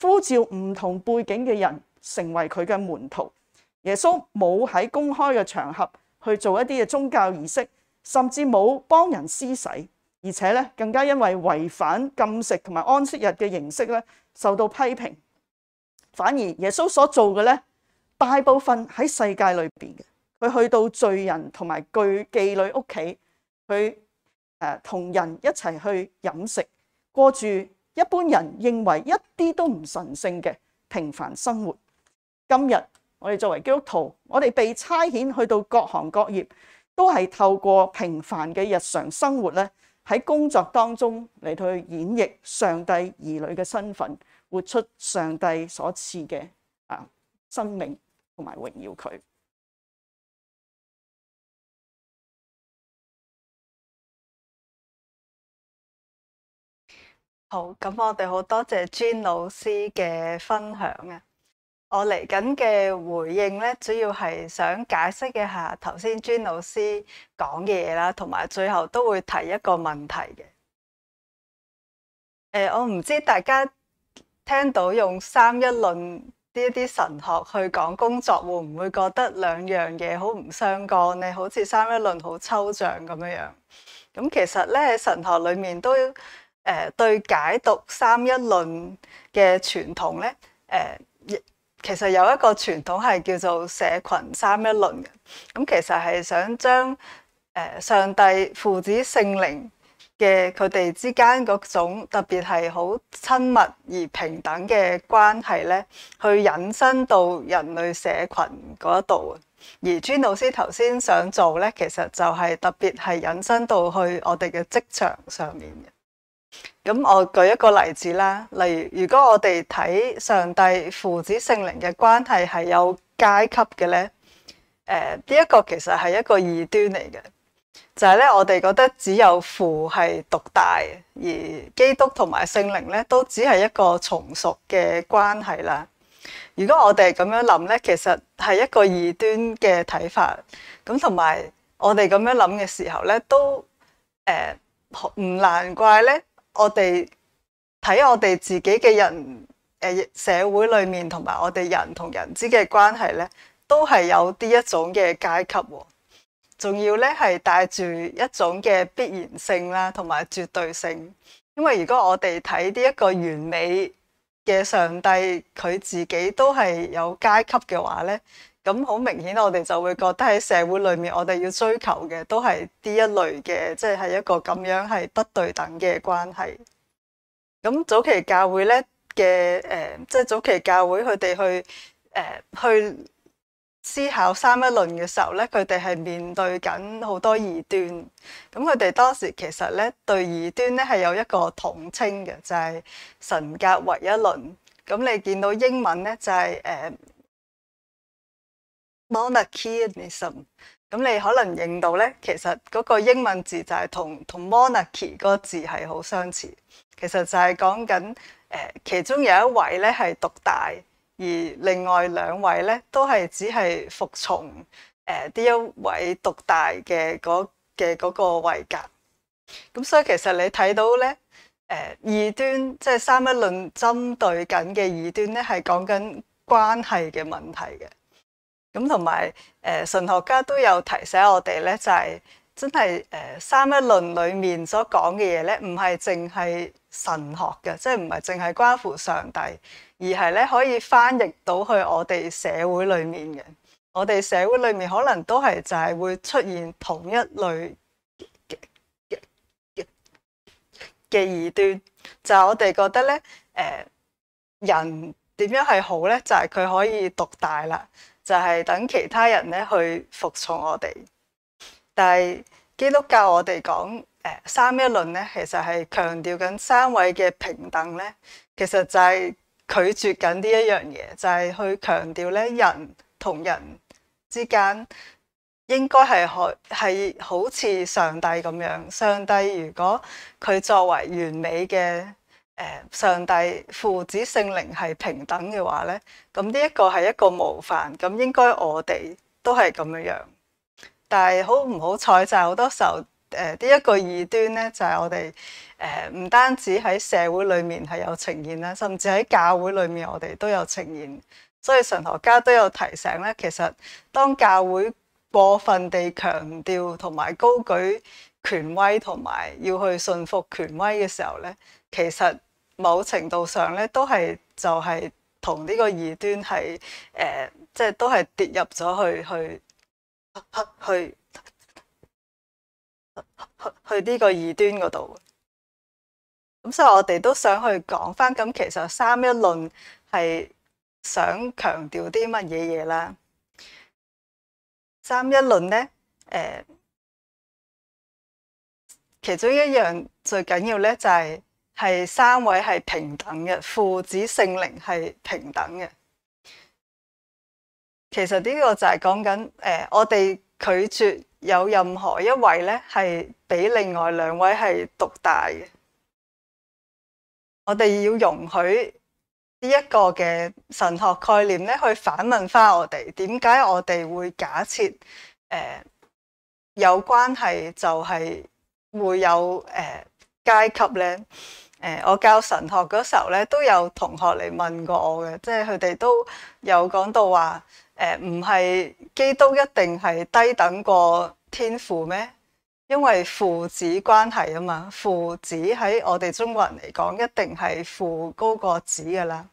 呼召唔同背景嘅人成為佢嘅門徒。耶穌冇喺公開嘅場合去做一啲嘅宗教儀式，甚至冇幫人施洗。而且咧，更加因為違反禁食同埋安息日嘅形式咧，受到批評。反而耶穌所做嘅咧，大部分喺世界裏面嘅，佢去到罪人同埋巨妓女屋企，佢同人一齊去飲食，過住一般人認為一啲都唔神聖嘅平凡生活。今日我哋作為基督徒，我哋被差遣去到各行各業。都係透過平凡嘅日常生活咧，喺工作當中嚟到去演繹上帝兒女嘅身份，活出上帝所賜嘅啊生命同埋榮耀佢。好，咁我哋好多謝 Jan 老師嘅分享啊！我嚟緊嘅回應呢，主要係想解釋一下頭先專老師講嘅嘢啦，同埋最後都會提一個問題嘅、呃。我唔知大家聽到用三一論呢啲神學去講工作，會唔會覺得兩樣嘢好唔相干？你好似三一論好抽象咁樣樣。咁其實咧，喺神學裏面都誒、呃、對解讀三一論嘅傳統咧，誒、呃。其實有一個傳統係叫做社群三一論嘅，咁其實係想將誒上帝父子聖靈嘅佢哋之間嗰種特別係好親密而平等嘅關係咧，去引申到人類社群嗰度。而尊老師頭先想做咧，其實就係特別係引申到去我哋嘅職場上面嘅。咁我舉一個例子啦，例如如果我哋睇上帝父子聖靈嘅關係係有階級嘅咧，誒呢一個其實係一個異端嚟嘅，就係、是、咧我哋覺得只有父係獨大，而基督同埋聖靈咧都只係一個從屬嘅關係啦。如果我哋咁樣諗咧，其實係一個異端嘅睇法。咁同埋我哋咁樣諗嘅時候咧，都誒唔、呃、難怪咧。我哋睇我哋自己嘅人，誒，社會裏面同埋我哋人同人之嘅關係咧，都係有啲一種嘅階級，仲要咧係帶住一種嘅必然性啦，同埋絕對性。因為如果我哋睇呢一個完美嘅上帝，佢自己都係有階級嘅話咧。咁好明顯，我哋就會覺得喺社會裏面，我哋要追求嘅都係呢一類嘅，即係一個咁樣係不對等嘅關係。咁早期教會咧嘅，誒，即係早期教會佢哋去，誒，去思考三一論嘅時候咧，佢哋係面對緊好多異端。咁佢哋當時其實咧對異端咧係有一個統稱嘅，就係神格唯一論。咁你見到英文咧就係，誒，Monarchianism，咁你可能認到咧，其實嗰個英文字就係同同 monarchy 個字係好相似。其實就係講緊誒，其中有一位咧係獨大，而另外兩位咧都係只係服從誒呢一位獨大嘅嗰嘅嗰個位格。咁所以其實你睇到咧誒、呃、二端，即、就、係、是、三一論針對緊嘅二端咧，係講緊關係嘅問題嘅。咁同埋誒，神學家都有提醒我哋咧，就係、是、真係誒、呃，三一論裏面所講嘅嘢咧，唔係淨係神學嘅，即係唔係淨係關乎上帝，而係咧可以翻譯到去我哋社會裏面嘅。我哋社會裏面可能都係就係會出現同一類嘅嘅異端，就係、是、我哋覺得咧，誒、呃，人點樣係好咧？就係、是、佢可以獨大啦。.就係等其他人咧去服從我哋，但係基督教我哋講誒三一論咧，其實係強調緊三位嘅平等咧，其實就係拒絕緊呢一樣嘢，就係去強調咧人同人之間應該係可係好似上帝咁樣，上帝如果佢作為完美嘅誒上帝父子聖靈係平等嘅話咧，咁呢一個係一個模範，咁應該我哋都係咁樣樣。但係好唔好彩就係、是、好多時候，誒、呃、呢一個異端咧，就係、是、我哋誒唔單止喺社會裏面係有呈現啦，甚至喺教會裏面我哋都有呈現。所以神學家都有提醒咧，其實當教會過分地強調同埋高舉權威同埋要去信服權威嘅時候咧，其實某程度上咧，都係就係同呢個異端係誒、呃，即係都係跌入咗去去去去呢個異端嗰度。咁所以我哋都想去講翻。咁其實三一論係想強調啲乜嘢嘢啦？三一論咧誒，其中一樣最緊要咧就係。係三位係平等嘅，父子聖靈係平等嘅。其實呢個就係講緊，誒、呃，我哋拒絕有任何一位咧係比另外兩位係獨大嘅。我哋要容許呢一個嘅神學概念咧，去反問翻我哋，點解我哋會假設，誒、呃，有關係就係會有誒、呃、階級咧？誒，我教神學嗰時候咧，都有同學嚟問過我嘅，即係佢哋都有講到話，誒、呃，唔係基督一定係低等過天父咩？因為父子關係啊嘛，父子喺我哋中國人嚟講，一定係父高過子噶啦。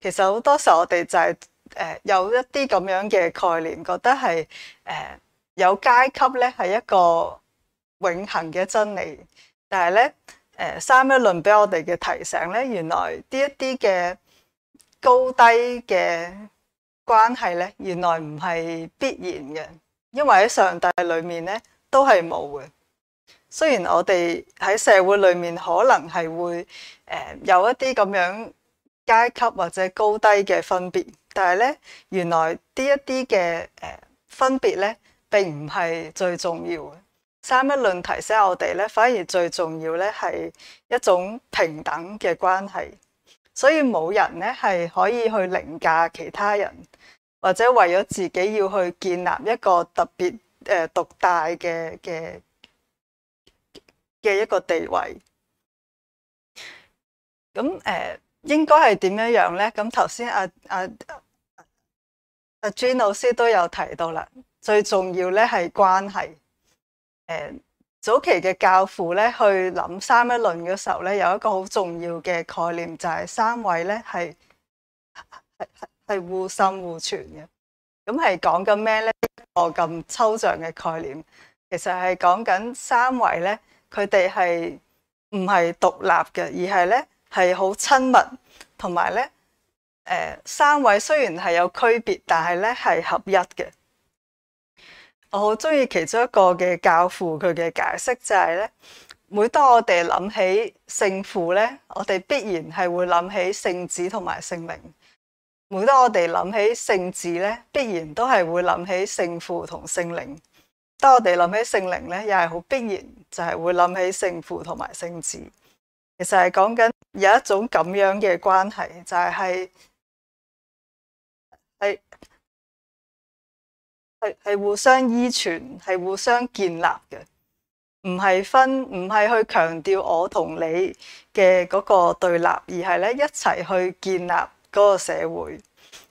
其實好多時候我哋就係、是、誒、呃、有一啲咁樣嘅概念，覺得係誒、呃、有階級咧係一個永恆嘅真理，但係咧。誒三一論俾我哋嘅提醒呢，原來呢一啲嘅高低嘅關係呢，原來唔係必然嘅，因為喺上帝裏面呢都係冇嘅。雖然我哋喺社會裏面可能係會誒有一啲咁樣階級或者高低嘅分別，但係呢原來呢一啲嘅誒分別呢並唔係最重要嘅。三一論提醒我哋咧，反而最重要咧係一種平等嘅關係，所以冇人咧係可以去凌駕其他人，或者為咗自己要去建立一個特別誒獨大嘅嘅嘅一個地位。咁誒、呃，應該係點樣樣咧？咁頭先阿阿阿朱老師都有提到啦，最重要咧係關係。誒早期嘅教父咧，去諗三一論嘅時候咧，有一個好重要嘅概念，就係、係、三位咧係係互滲互存嘅。咁係講緊咩咧？一個咁抽象嘅概念，其實係講緊三位咧，佢哋係唔係獨立嘅，而係咧係好親密，同埋咧誒三位雖然係有區別，但係咧係合一嘅。我好中意其中一個嘅教父，佢嘅解釋就係、係、咧，每當我哋諗起聖父咧，我哋必然係會諗起聖子同埋聖靈。每當我哋諗起聖子咧，必然都係會諗起聖父同聖靈。當我哋諗起聖靈咧，又係好必然就係會諗起聖父同埋聖子。其實係講緊有一種咁樣嘅關係，就係、係、係。係互相依存，係互相建立嘅，唔係分，唔係去強調我同你嘅嗰個對立，而係咧一齊去建立嗰個社會。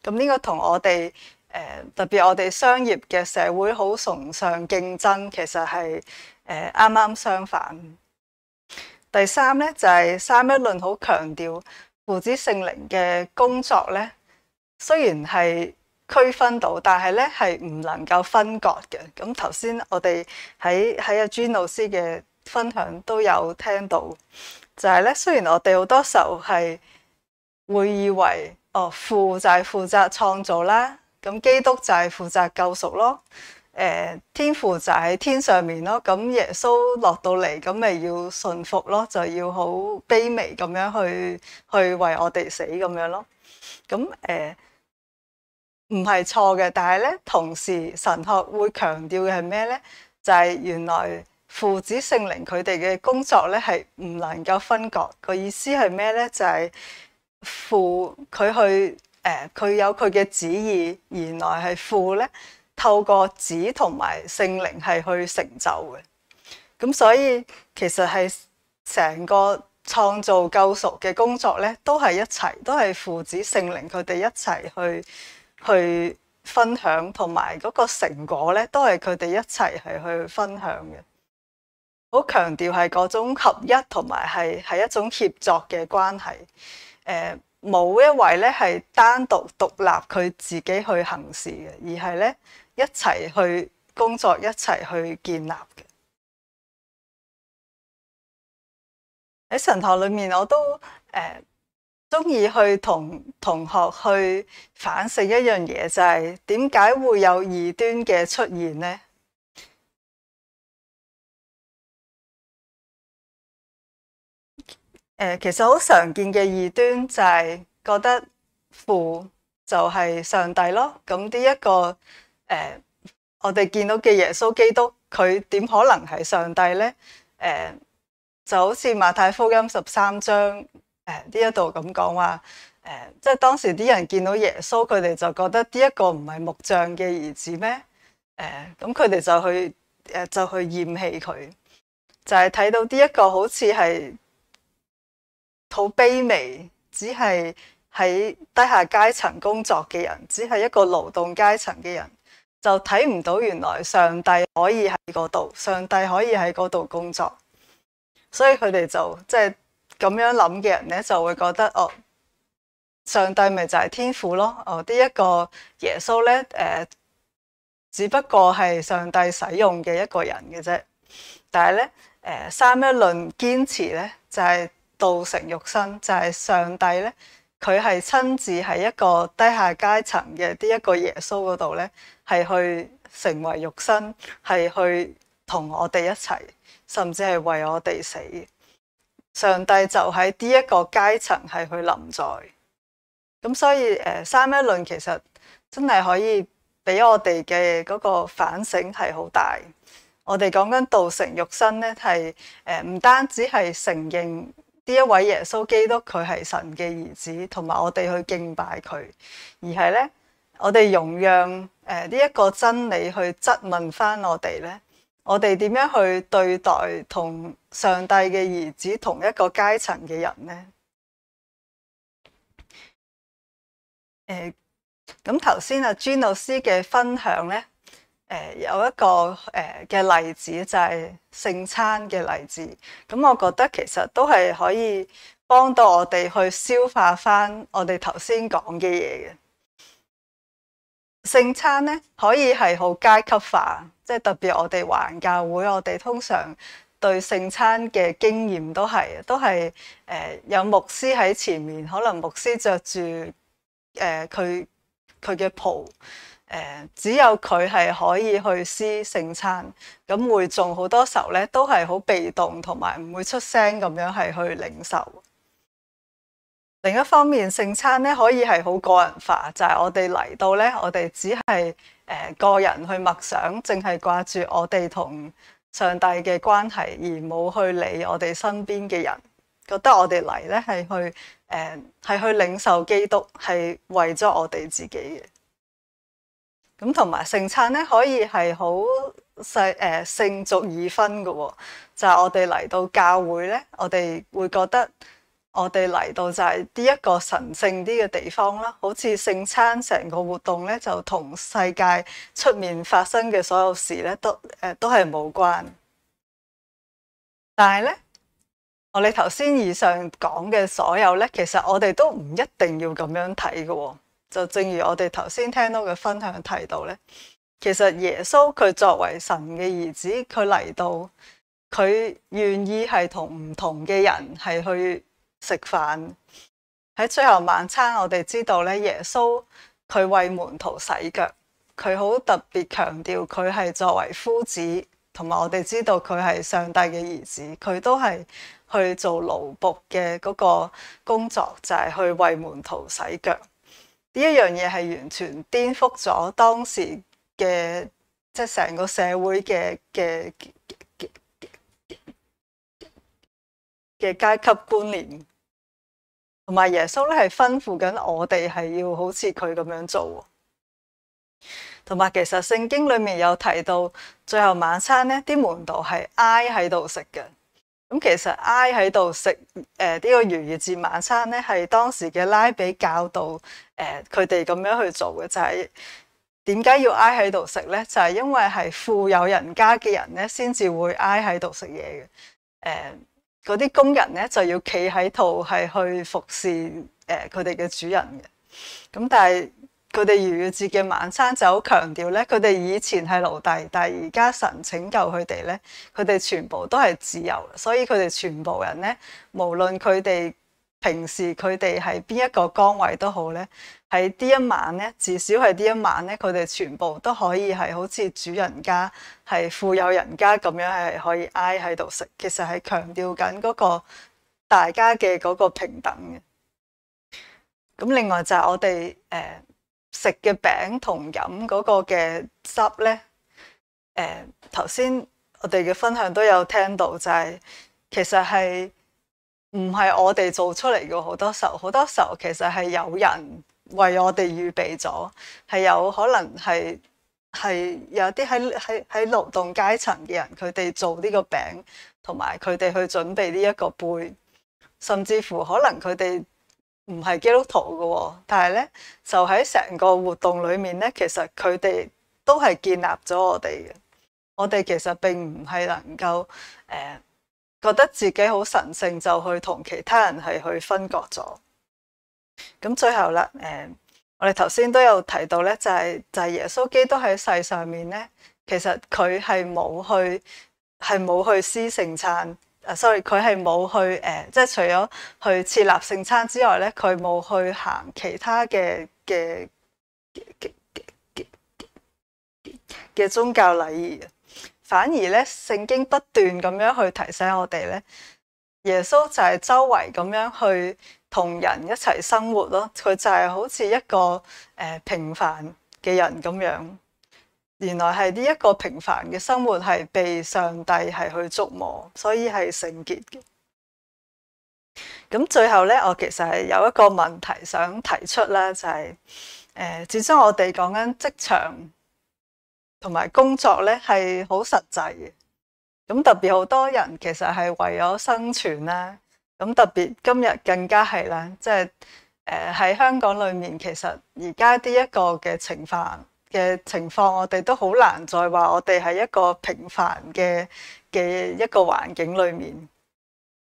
咁呢個同我哋誒、呃、特別我哋商業嘅社會好崇尚競爭，其實係誒啱啱相反。第三咧就係、是、三一論好強調父子聖靈嘅工作咧，雖然係。區分到，但係咧係唔能夠分割嘅。咁頭先我哋喺喺阿朱老師嘅分享都有聽到，就係、是、咧雖然我哋好多時候係會以為哦，父就係負責創造啦，咁基督就係負責救贖咯，誒天父就喺天上面咯，咁耶穌落到嚟咁咪要順服咯，就要好卑微咁樣去去為我哋死咁樣咯，咁誒。呃唔係錯嘅，但係咧，同時神學會強調嘅係咩咧？就係、是、原來父子聖靈佢哋嘅工作咧，係唔能夠分割。個意思係咩咧？就係、是、父佢去誒，佢、呃、有佢嘅旨意，原來係父咧透過子同埋聖靈係去成就嘅。咁所以其實係成個創造救贖嘅工作咧，都係一齊，都係父子聖靈佢哋一齊去。去分享同埋嗰個成果咧，都係佢哋一齊係去分享嘅。好強調係嗰種合一同埋係係一種協作嘅關係。冇、呃、一位咧係單獨獨立佢自己去行事嘅，而係咧一齊去工作、一齊去建立嘅。喺神學裏面，我都誒。呃中意去同同學去反省一樣嘢，就係點解會有異端嘅出現呢？呃，其實好常見嘅異端就係覺得父就係上帝咯。咁呢一個，呃，我哋見到嘅耶穌基督，佢點可能係上帝呢？呃，就好似馬太福音十三章。呢一度咁講話，誒、呃，即係當時啲人見到耶穌，佢哋就覺得呢一個唔係木匠嘅兒子咩？誒、呃，咁佢哋就去，誒、呃，就去厭棄佢，就係、是、睇到呢一個好似係好卑微，只係喺低下階層工作嘅人，只係一個勞動階層嘅人，就睇唔到原來上帝可以喺嗰度，上帝可以喺嗰度工作，所以佢哋就即係。咁樣諗嘅人咧就會覺得哦，上帝咪就係天父咯。哦，呢一個耶穌咧誒，只不過係上帝使用嘅一個人嘅啫。但係咧誒，三一論堅持咧就係道成肉身，就係上帝咧，佢係親自喺一個低下階層嘅呢一個耶穌嗰度咧係去成為肉身，係去同我哋一齊，甚至係為我哋死。上帝就喺呢一個階層係去臨在，咁所以誒三一論其實真係可以俾我哋嘅嗰個反省係好大。我哋講緊道成肉身咧，係誒唔單止係承認呢一位耶穌基督，佢係神嘅兒子，同埋我哋去敬拜佢，而係咧我哋容讓誒呢一個真理去質問翻我哋咧。我哋點樣去對待同上帝嘅兒子同一個階層嘅人呢？誒、呃，咁頭先阿朱老師嘅分享呢，誒、呃、有一個誒嘅例子就係聖餐嘅例子。咁、就是、我覺得其實都係可以幫到我哋去消化翻我哋頭先講嘅嘢嘅。聖餐呢，可以係好階級化。即係特別，我哋華人教會，我哋通常對聖餐嘅經驗都係，都係誒、呃、有牧師喺前面，可能牧師着住誒佢佢嘅袍，誒、呃、只有佢係可以去施聖餐，咁會眾好多時候咧都係好被動，同埋唔會出聲咁樣係去領受。另一方面，聖餐咧可以係好個人化，就係、是、我哋嚟到咧，我哋只係誒個人去默想，淨係掛住我哋同上帝嘅關係，而冇去理我哋身邊嘅人，覺得我哋嚟咧係去誒係去領受基督，係為咗我哋自己嘅。咁同埋聖餐咧可以係好細誒聖俗二分嘅，就係、是、我哋嚟到教會咧，我哋會覺得。我哋嚟到就係呢一個神聖啲嘅地方啦，好似聖餐成個活動咧，就同世界出面發生嘅所有事咧，呃，都誒都係冇關。但係咧，我哋頭先以上講嘅所有咧，其實我哋都唔一定要咁樣睇嘅，哦。就正如我哋頭先聽到嘅分享提到咧，其實耶穌佢作為神嘅兒子，佢嚟到，佢願意係同唔同嘅人係去。食飯喺最後晚餐，我哋知道咧，耶穌佢為門徒洗腳，佢好特別強調佢係作為夫子，同埋我哋知道佢係上帝嘅兒子，佢都係去做奴僕嘅嗰個工作，就係、是、去為門徒洗腳。呢一樣嘢係完全顛覆咗當時嘅即係成個社會嘅嘅。的嘅階級觀念，同埋耶穌咧係吩咐緊我哋係要好似佢咁樣做，同埋其實聖經裏面有提到最後晚餐咧，啲門徒係挨喺度食嘅。咁其實挨喺度食，呢、呃呢個逾越節晚餐咧，係當時嘅拉比教導佢哋咁樣去做嘅，就係點解要挨喺度食咧？就係、係、因為係富有人家嘅人咧，先至會挨喺度食嘢嘅，呃嗰啲工人咧就要企喺度係去服侍誒佢哋嘅主人嘅，咁但係佢哋逾越節嘅晚餐就好強調咧，佢哋以前係奴隸，但係而家神拯救佢哋咧，佢哋全部都係自由，所以佢哋全部人咧，無論佢哋平時佢哋係邊一個崗位都好咧。喺呢一晚呢，至少係呢一晚呢，佢哋全部都可以係好似主人家，係富有人家咁樣係可以挨喺度食。其實係強調緊嗰個大家嘅嗰個平等嘅。咁另外就係我哋誒食嘅餅同飲嗰個嘅汁呢，誒頭先我哋嘅分享都有聽到，就係，就係其實係唔係我哋做出嚟嘅，好多時候好多時候其實係有人。為我哋預備咗，係有可能係有啲喺喺喺勞動階層嘅人，佢哋做呢個餅，同埋佢哋去準備呢一個杯，甚至乎可能佢哋唔係基督徒嘅喎，但係咧就喺成個活動裏面咧，其實佢哋都係建立咗我哋嘅。我哋其實並唔係能夠誒、呃、覺得自己好神聖，就去同其他人係去分割咗。咁最後啦，誒、嗯，我哋頭先都有提到咧，就係、是、就係、是、耶穌基督喺世上面咧，其實佢係冇去係冇去施聖餐、啊，Sorry，佢係冇去誒，即、嗯、係、就是、除咗去設立聖餐之外咧，佢冇去行其他嘅嘅嘅嘅嘅嘅宗教禮儀。反而咧聖經不斷咁樣去提醒我哋咧，耶穌就係周圍咁樣去。同人一齊生活咯，佢就係好似一個誒、呃、平凡嘅人咁樣。原來係呢一個平凡嘅生活係被上帝係去觸摸，所以係聖潔嘅。咁最後咧，我其實係有一個問題想提出啦，就係、是、誒、呃，始終我哋講緊職場同埋工作咧係好實際嘅。咁特別好多人其實係為咗生存啦。咁特別今日更加係啦，即係誒喺香港裏面，其實而家呢一個嘅情況嘅情況，我哋都好難再話我哋係一個平凡嘅嘅一個環境裏面。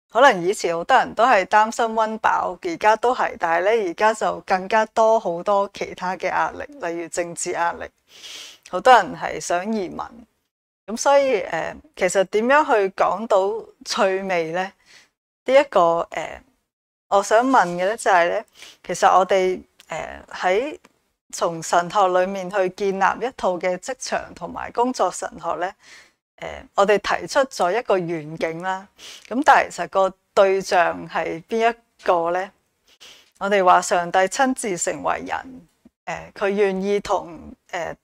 可能以前好多人都係擔心温飽，而家都係，但係咧而家就更加多好多其他嘅壓力，例如政治壓力，好多人係想移民。咁所以誒、呃，其實點樣去講到趣味咧？呢、這、一個誒、呃，我想問嘅咧就係、是、咧，其實我哋誒喺從神學裏面去建立一套嘅職場同埋工作神學咧，誒、呃、我哋提出咗一個願景啦。咁但係其實個對象係邊一個咧？我哋話上帝親自成為人，誒佢願意同誒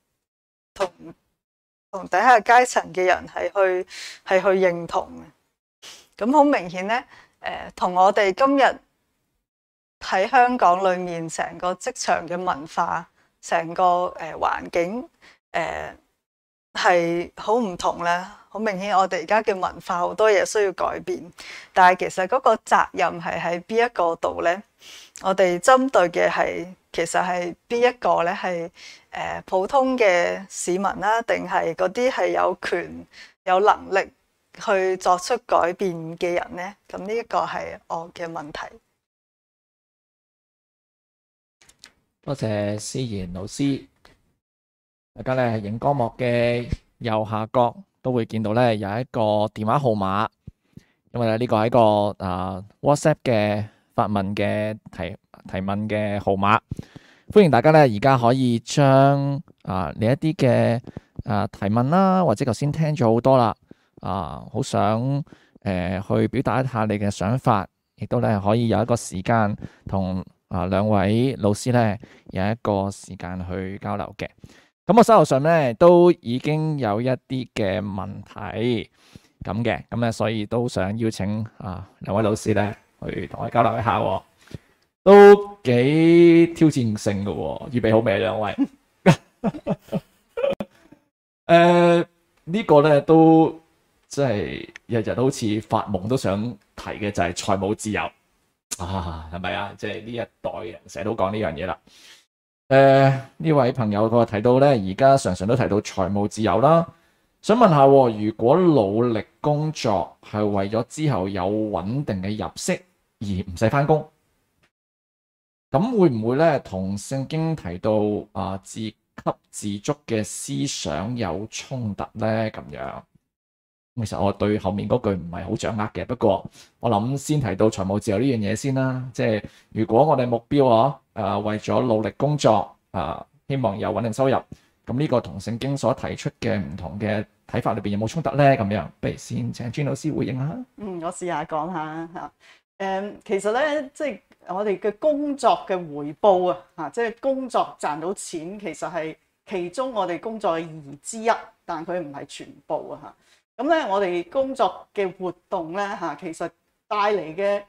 同同底下階層嘅人係去係去認同嘅。咁好明顯咧。誒，同我哋今日喺香港裏面成個職場嘅文化，成個誒、呃、環境，誒係好唔同咧。好明顯，我哋而家嘅文化好多嘢需要改變，但係其實嗰個責任係喺邊一個度咧？我哋針對嘅係其實係邊一個咧？係誒、呃、普通嘅市民啦、啊，定係嗰啲係有權有能力去作出改變嘅人呢？咁呢一個係我嘅問題。多謝，謝思言老師，大家咧喺螢光幕嘅右下角都會見到咧有一個電話號碼，因為呢個係一個啊 WhatsApp 嘅發問嘅提提問嘅號碼，歡迎大家咧而家可以將啊你一啲嘅啊提問啦，或者頭先聽咗好多啦。啊，好想誒、呃、去表達一下你嘅想法，亦都咧可以有一個時間同啊兩位老師咧有一個時間去交流嘅。咁、啊、我手頭上咧都已經有一啲嘅問題咁嘅，咁咧、啊、所以都想邀請啊兩位老師咧去同我交流一下。哦，都幾挑戰性嘅喎。哦，準備好未啊兩位？誒、 呃這個、呢個咧都～即係日日都好似發夢都想提嘅就係、是、財務自由啊，係咪啊？即係呢一代人成日都講呢樣嘢啦。呃，呢位朋友佢話睇到咧，而家常常都提到財務自由啦。想問下，如果努力工作係為咗之後有穩定嘅入息而唔使返工，咁會唔會咧同聖經提到啊自給自足嘅思想有衝突咧？咁樣？其實我對後面嗰句唔係好掌握嘅，不過我諗先提到財務自由呢樣嘢先啦。即係如果我哋目標啊，誒、呃、為咗努力工作，啊、呃、希望有穩定收入，咁呢個同聖經所提出嘅唔同嘅睇法裏邊有冇衝突呢？咁樣，不如先請詹老師回應下。嗯，我試、試一下講下吓，誒、嗯，其實呢，即係我哋嘅工作嘅回報啊，吓即係工作賺到錢，其實係其中我哋工作嘅意義之一，但佢唔係全部啊吓。咁咧，我哋工作嘅活動咧嚇，其實帶嚟嘅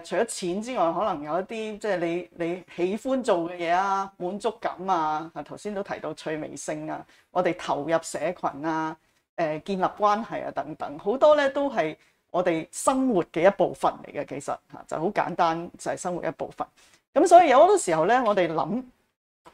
誒，除咗錢之外，可能有一啲即係你你喜歡做嘅嘢啊，滿足感啊，頭先都提到趣味性啊，我哋投入社群啊，呃、建立關係啊等等，好多咧都係我哋生活嘅一部分嚟嘅，其實嚇就好簡單，就係生活一部分。咁所以有好多時候咧，我哋諗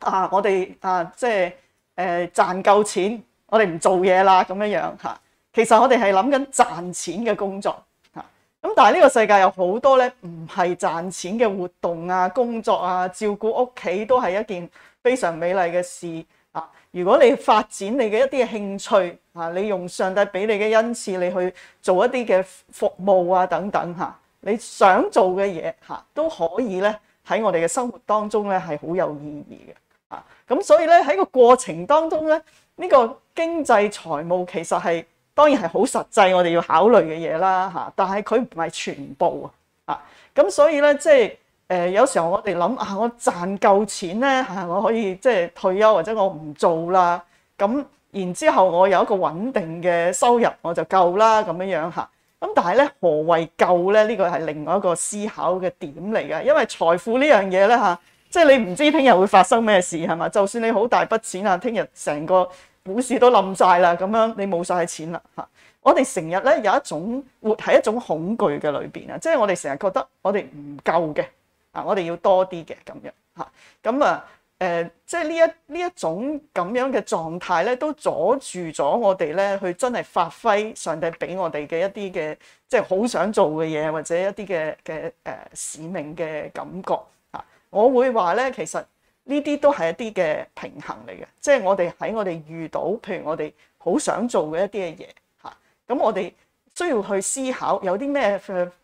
啊，我哋啊，即係誒賺夠錢，我哋唔做嘢啦咁樣樣嚇。其實我哋係諗緊賺錢嘅工作嚇，咁但係呢個世界有好多咧唔係賺錢嘅活動啊、工作啊、照顧屋企都係一件非常美麗嘅事啊。如果你發展你嘅一啲興趣啊，你用上帝俾你嘅恩賜，你去做一啲嘅服務啊等等嚇，你想做嘅嘢嚇都可以咧。喺我哋嘅生活當中咧係好有意義嘅啊。咁所以咧喺個過程當中咧，呢個經濟財務其實係～當然係好實際，我哋要考慮嘅嘢啦嚇，但係佢唔係全部啊嚇，咁所以咧即係誒、呃、有時候我哋諗啊，我賺夠錢咧嚇，我可以即係退休或者我唔做啦，咁然之後我有一個穩定嘅收入我就夠啦咁樣樣嚇，咁、啊、但係咧何為夠咧？呢、呢個係另外一個思考嘅點嚟嘅，因為財富呢樣嘢咧嚇，即係你唔知聽日會發生咩事係嘛？就算你好大筆錢啊，聽日成個。股市都冧晒啦，咁樣你冇晒錢啦嚇。我哋成日咧有一種活喺一種恐懼嘅裏邊，啊，即係我哋成日覺得我哋唔夠嘅啊，我哋要多啲嘅咁樣嚇。咁啊、呃、即係呢一呢一種咁樣嘅狀態咧，都阻住咗我哋咧去真係發揮上帝俾我哋嘅一啲嘅即係好想做嘅嘢，或者一啲嘅嘅呃使命嘅感覺嚇。我會話咧，其實。呢啲都係一啲嘅平衡嚟嘅，即係我哋喺我哋遇到，譬如我哋好想做嘅一啲嘅嘢嚇，咁我哋需要去思考有啲咩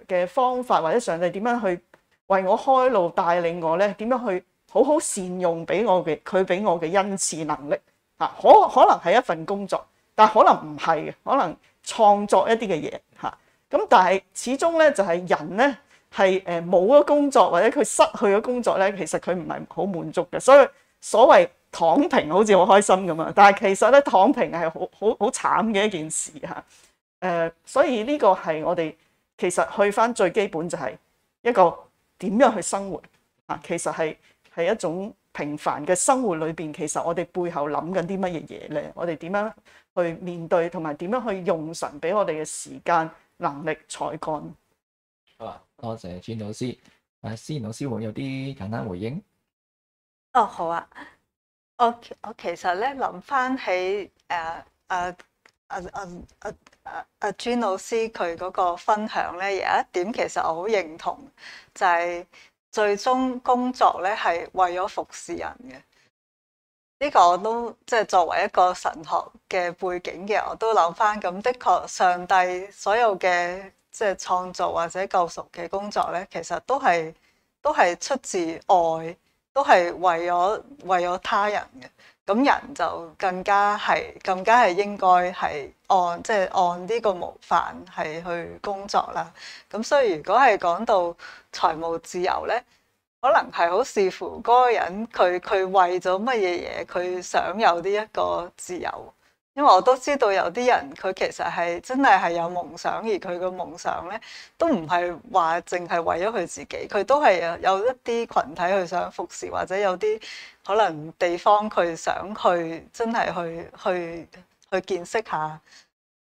嘅方法，或者上帝點樣去為我開路帶領我咧？點樣去好好善用俾我嘅佢俾我嘅恩賜能力嚇？可可能係一份工作，但可能唔係嘅，可能創作一啲嘅嘢嚇。咁但係始終咧就係人咧。係誒，冇咗工作或者佢失去咗工作咧，其實佢唔係好滿足嘅。所以所謂躺平好似好開心咁啊，但係其實咧躺平係好好好慘嘅一件事吓。誒、呃，所以呢個係我哋其實去返最基本就係一個點樣去生活啊。其實係係一種平凡嘅生活裏邊，其實我哋背後諗緊啲乜嘢嘢咧？我哋點樣去面對同埋點樣去用神俾我哋嘅時間、能力、才幹啊？多謝朱老師，阿思言老師會有啲簡單回應。哦、oh，好啊，我我其實咧諗翻起誒誒誒誒誒誒，朱、uh, uh, uh, uh, uh, uh, uh, 老師佢嗰個分享咧，有一點其實我好認同，就係、是、最終工作咧係為咗服侍人嘅。呢、這個我都即係、就是、作為一個神學嘅背景嘅，我都諗翻咁的確，上帝所有嘅。即係創造或者救贖嘅工作咧，其實都係都係出自愛，都係為咗為咗他人嘅。咁人就更加係更加係應該係按即係按呢個模範係去工作啦。咁所以如果係講到財務自由咧，可能係好視乎嗰個人佢佢為咗乜嘢嘢，佢想有呢一個自由。因為我都知道有啲人佢其實係真係係有夢想，而佢個夢想呢都唔係話淨係為咗佢自己，佢都係有一啲群體去想服侍，或者有啲可能地方佢想去真係去去去見識一下，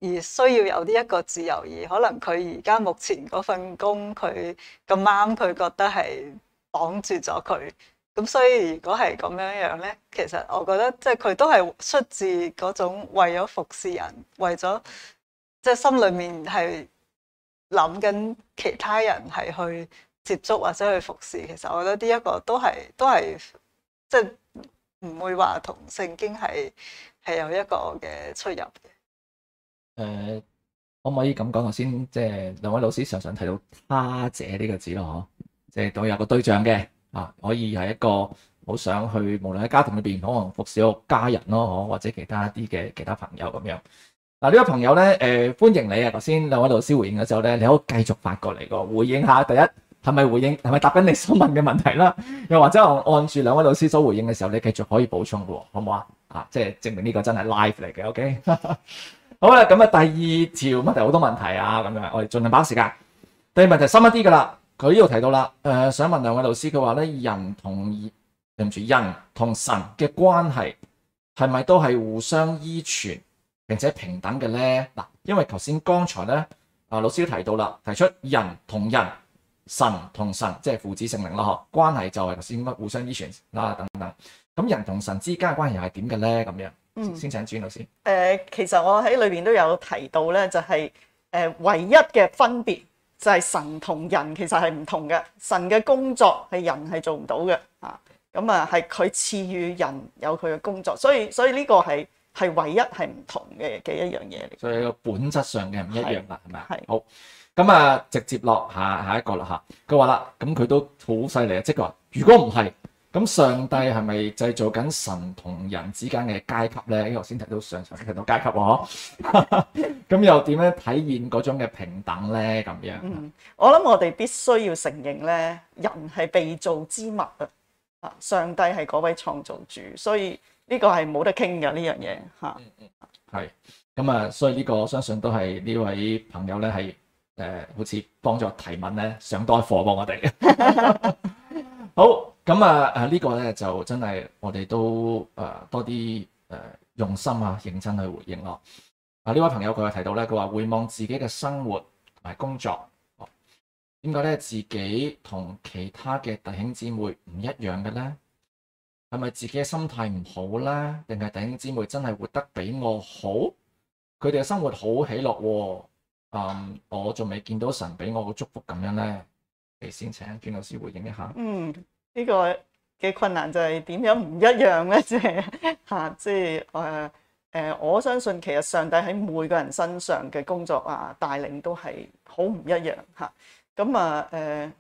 而需要有啲一個自由。而可能佢而家目前嗰份工佢咁啱，佢覺得係綁住咗佢。咁所以如果係咁樣樣咧，其實我覺得即係佢都係出自嗰種為咗服侍人，為咗即係心裏面係諗緊其他人係去接觸或者去服侍。其實我覺得呢一個都係都係即係唔會話同聖經係係有一個嘅出入嘅。誒、呃，可唔可以咁講？頭先即係兩位老師常常提到他者呢個字咯，嗬，即係都有個對象嘅。啊，可以係一個好想去，無論喺家庭裏邊，可能服侍我家人咯，呵，或者其他啲嘅其他朋友咁樣。嗱，啊，呢位朋友咧，誒，呃，歡迎你啊！頭先兩位老師回應嘅時候咧，你可以繼續發過嚟個回應下。第一係咪回應，係咪答緊你所問嘅問題啦？又或者我按住兩位老師所回應嘅時候，你繼續可以補充嘅喎，好唔好啊？啊，即係證明呢個真係 live 嚟嘅。OK， 好啦，咁啊第二條乜嘢好多問題啊咁樣，我哋盡量把握時間。第二問題深一啲㗎啦。佢呢度提到啦，誒、呃，想問兩位老師呢，佢話咧，人同，對唔住，人同神嘅關係係咪都係互相依存並且平等嘅咧？嗱，因為頭先剛才咧，啊，老師都提到啦，提出人同人、神同神，即係父子聖靈啦，嗬，關係就係頭先咁互相依存啦，等等。咁人同神之間嘅關係又係點嘅咧？咁樣，嗯，先請主老師。誒、呃，其實我喺裏邊都有提到咧，就係、是、誒、呃，唯一嘅分別。就係、是、神同人其實係唔同嘅，神嘅工作係人係做唔到嘅，啊咁啊係佢賜予人有佢嘅工作，所以所以呢個係係唯一係唔同嘅嘅一樣嘢嚟。所以個是是是不所以本質上嘅唔一樣啦，係咪啊？好咁啊，直接落下下一個啦吓，佢話啦，咁佢都好犀利啊，即係話如果唔係。咁上帝係咪製造緊神同人之間嘅階級咧？我先提到上層，先提到階級咁、啊、 又點咧體現嗰種嘅平等咧？咁樣嗯，我諗我哋必須要承認咧，人係被造之物啊！上帝係嗰位創造主，所以呢個係冇得傾嘅呢樣嘢吓。嗯嗯，係咁啊，所以呢個我相信都係呢位朋友咧，係誒、呃，好似幫助提問咧上多一課，幫我哋好。咁啊，啊、這個、呢個咧就真係我哋都誒、啊、多啲誒、啊、用心啊認真去回應咯、啊。啊呢位朋友佢又提到咧，佢話回望自己嘅生活同埋工作，點解咧自己同其他嘅弟兄姊妹唔一樣嘅咧？係咪自己嘅心態唔好咧？定係弟兄姊妹真係活得比我好？佢哋嘅生活好喜樂喎、哦。嗯、啊，我仲未見到神俾我嘅祝福咁樣咧。你先請言老師回應一下。嗯。呢個嘅困難就係點樣唔一樣咧？即係吓，即係誒誒，我相信其實上帝喺每個人身上嘅工作啊帶領都係好唔一樣吓。咁啊誒，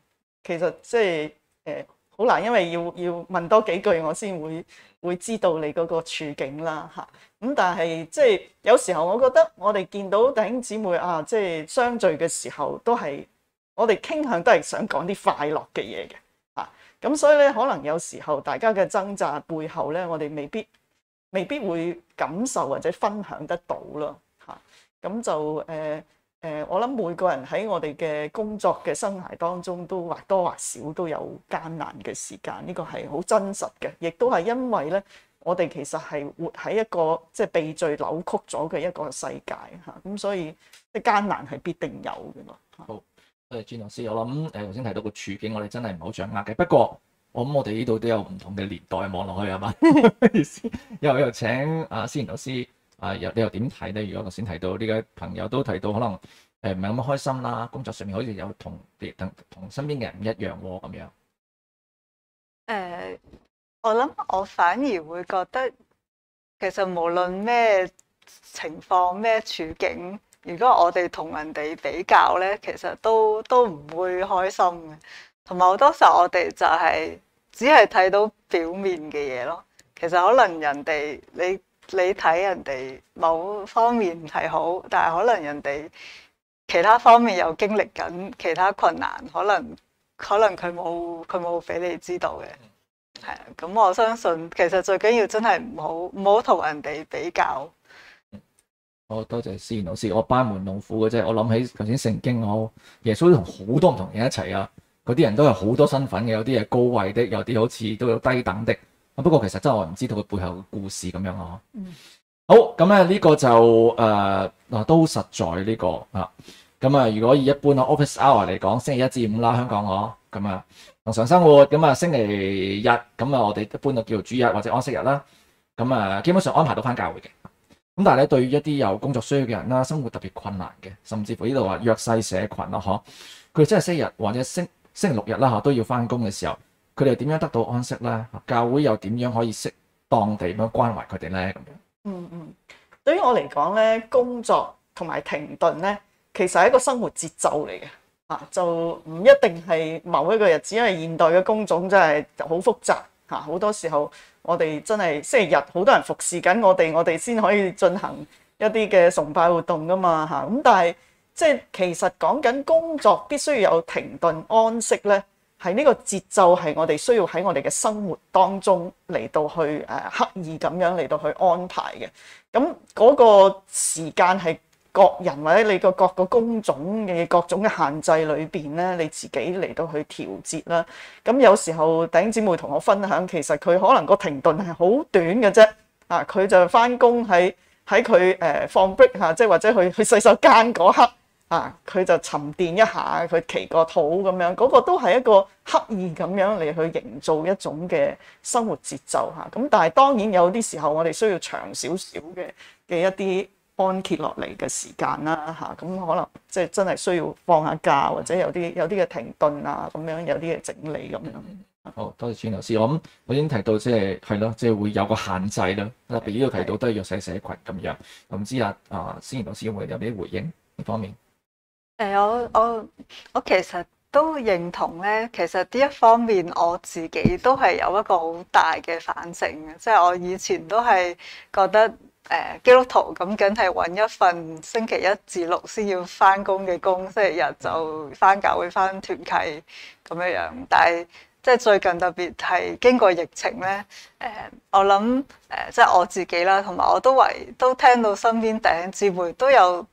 其實即係誒好難，因為要要問多幾句我先會會知道你嗰個處境啦吓。咁但係即係有時候我覺得我哋見到弟兄姊妹啊，即係相聚嘅時候都係我哋傾向都係想講啲快樂嘅嘢嘅。咁所以咧，可能有時候大家嘅掙扎背後咧，我哋未必未必會感受或者分享得到咯嚇。咁就誒誒、呃呃，我諗每個人喺我哋嘅工作嘅生涯當中，都或多或少都有艱難嘅時間。呢、這個係好真實嘅，亦都係因為咧，我哋其實係活喺一個即係、就是、被罪扭曲咗嘅一個世界嚇。咁所以，即係艱難係必定有嘅。好。誒，莊老師，我諗誒頭先提到個處境，我哋真係唔好掌握嘅。不過，我諗我哋呢度都有唔同嘅年代望落去，係嘛意思？又又請阿思言老師啊，又你又點睇咧？如果頭先提到呢位朋友都提到，可能誒唔係咁開心啦，工作上面好似有同等同身邊嘅人唔一樣喎、哦，咁樣。誒、呃，我諗我反而會覺得，其實無論咩情況、咩處境。如果我哋同人哋比較呢，其實都都唔會開心嘅。同埋好多時候，我們、就是，我哋就係只係睇到表面嘅嘢咯。其實可能人哋你你睇人哋某方面係好，但係可能人哋其他方面又經歷緊其他困難，可能可能佢冇佢冇俾你知道嘅。係啊，咁我相信其實最緊要是真係唔好唔好同人哋比較。好多謝思賢老師，我班門弄斧嘅啫。我諗起頭先聖經，我耶穌都同好多唔同人一齊啊，嗰啲人都係好多身份嘅，有啲係高位的，有啲好似都有低等的。不過其實真係我唔知道佢背後嘅故事咁樣咯。好，咁咧呢個就誒嗱、呃、都實在呢、這個啊。咁啊，如果以一般嘅 office hour 嚟講，星期一至五啦，香港我咁啊，日、啊、常生活咁啊，星期日咁啊，我哋一般就叫做主日或者安息日啦。咁啊，基本上安排到翻教會嘅。咁但係咧，對於一啲有工作需要嘅人啦，生活特別困難嘅，甚至乎呢度話弱勢社群咯，嗬，佢真係星期日或者星星期六日啦，嗬，都要翻工嘅時候，佢哋又點樣得到安息咧？教會又點樣可以適當地咁樣關懷佢哋咧？咁樣，嗯嗯，對於我嚟講咧，工作同埋停頓咧，其實係一個生活節奏嚟嘅，吓就唔一定係某一個日子，因為現代嘅工種真係好複雜，吓好多時候。我哋真係星期日好多人服侍緊我哋，我哋先可以進行一啲嘅崇拜活動噶嘛嚇。咁但係即係其實講緊工作必須要有停頓安息咧，係呢個節奏係我哋需要喺我哋嘅生活當中嚟到去誒刻意咁樣嚟到去安排嘅。咁嗰個時間係。各人或者你個各個工種嘅各種嘅限制裏邊咧，你自己嚟到去調節啦。咁有時候頂姐妹同我分享，其實佢可能個停頓係好短嘅啫。啊，佢就返工喺喺佢誒放 break 嚇、啊，即係或者去去洗手間嗰刻啊，佢就沉澱一下，佢騎個肚咁樣，嗰、嗰個都係一個刻意咁樣嚟去營造一種嘅生活節奏嚇。咁、啊、但係當然有啲時候我哋需要長少少嘅嘅一啲。的一些安揭落嚟嘅時間啦，咁可能即係真係需要放下假或者有啲有啲嘅停頓啊，咁樣有啲嘅整理咁樣、嗯、好多謝錢老師，我諗我已經提到即係係咯，即係、就是、會有個限制啦，特別呢度提到都係弱勢社群咁樣。咁之下，知先阿思言老師會有啲回應呢方面？誒、欸，我我我其實都認同咧，其實呢一方面我自己都係有一個好大嘅反省，嘅，即係我以前都係覺得。誒，基督徒咁，梗係揾一份星期一至六先要返工嘅工，星期日就返教會返團契咁樣。但係即係最近特別係經過疫情咧，誒我諗，誒即係我自己啦，同埋我都為都聽到身邊頂姊妹都有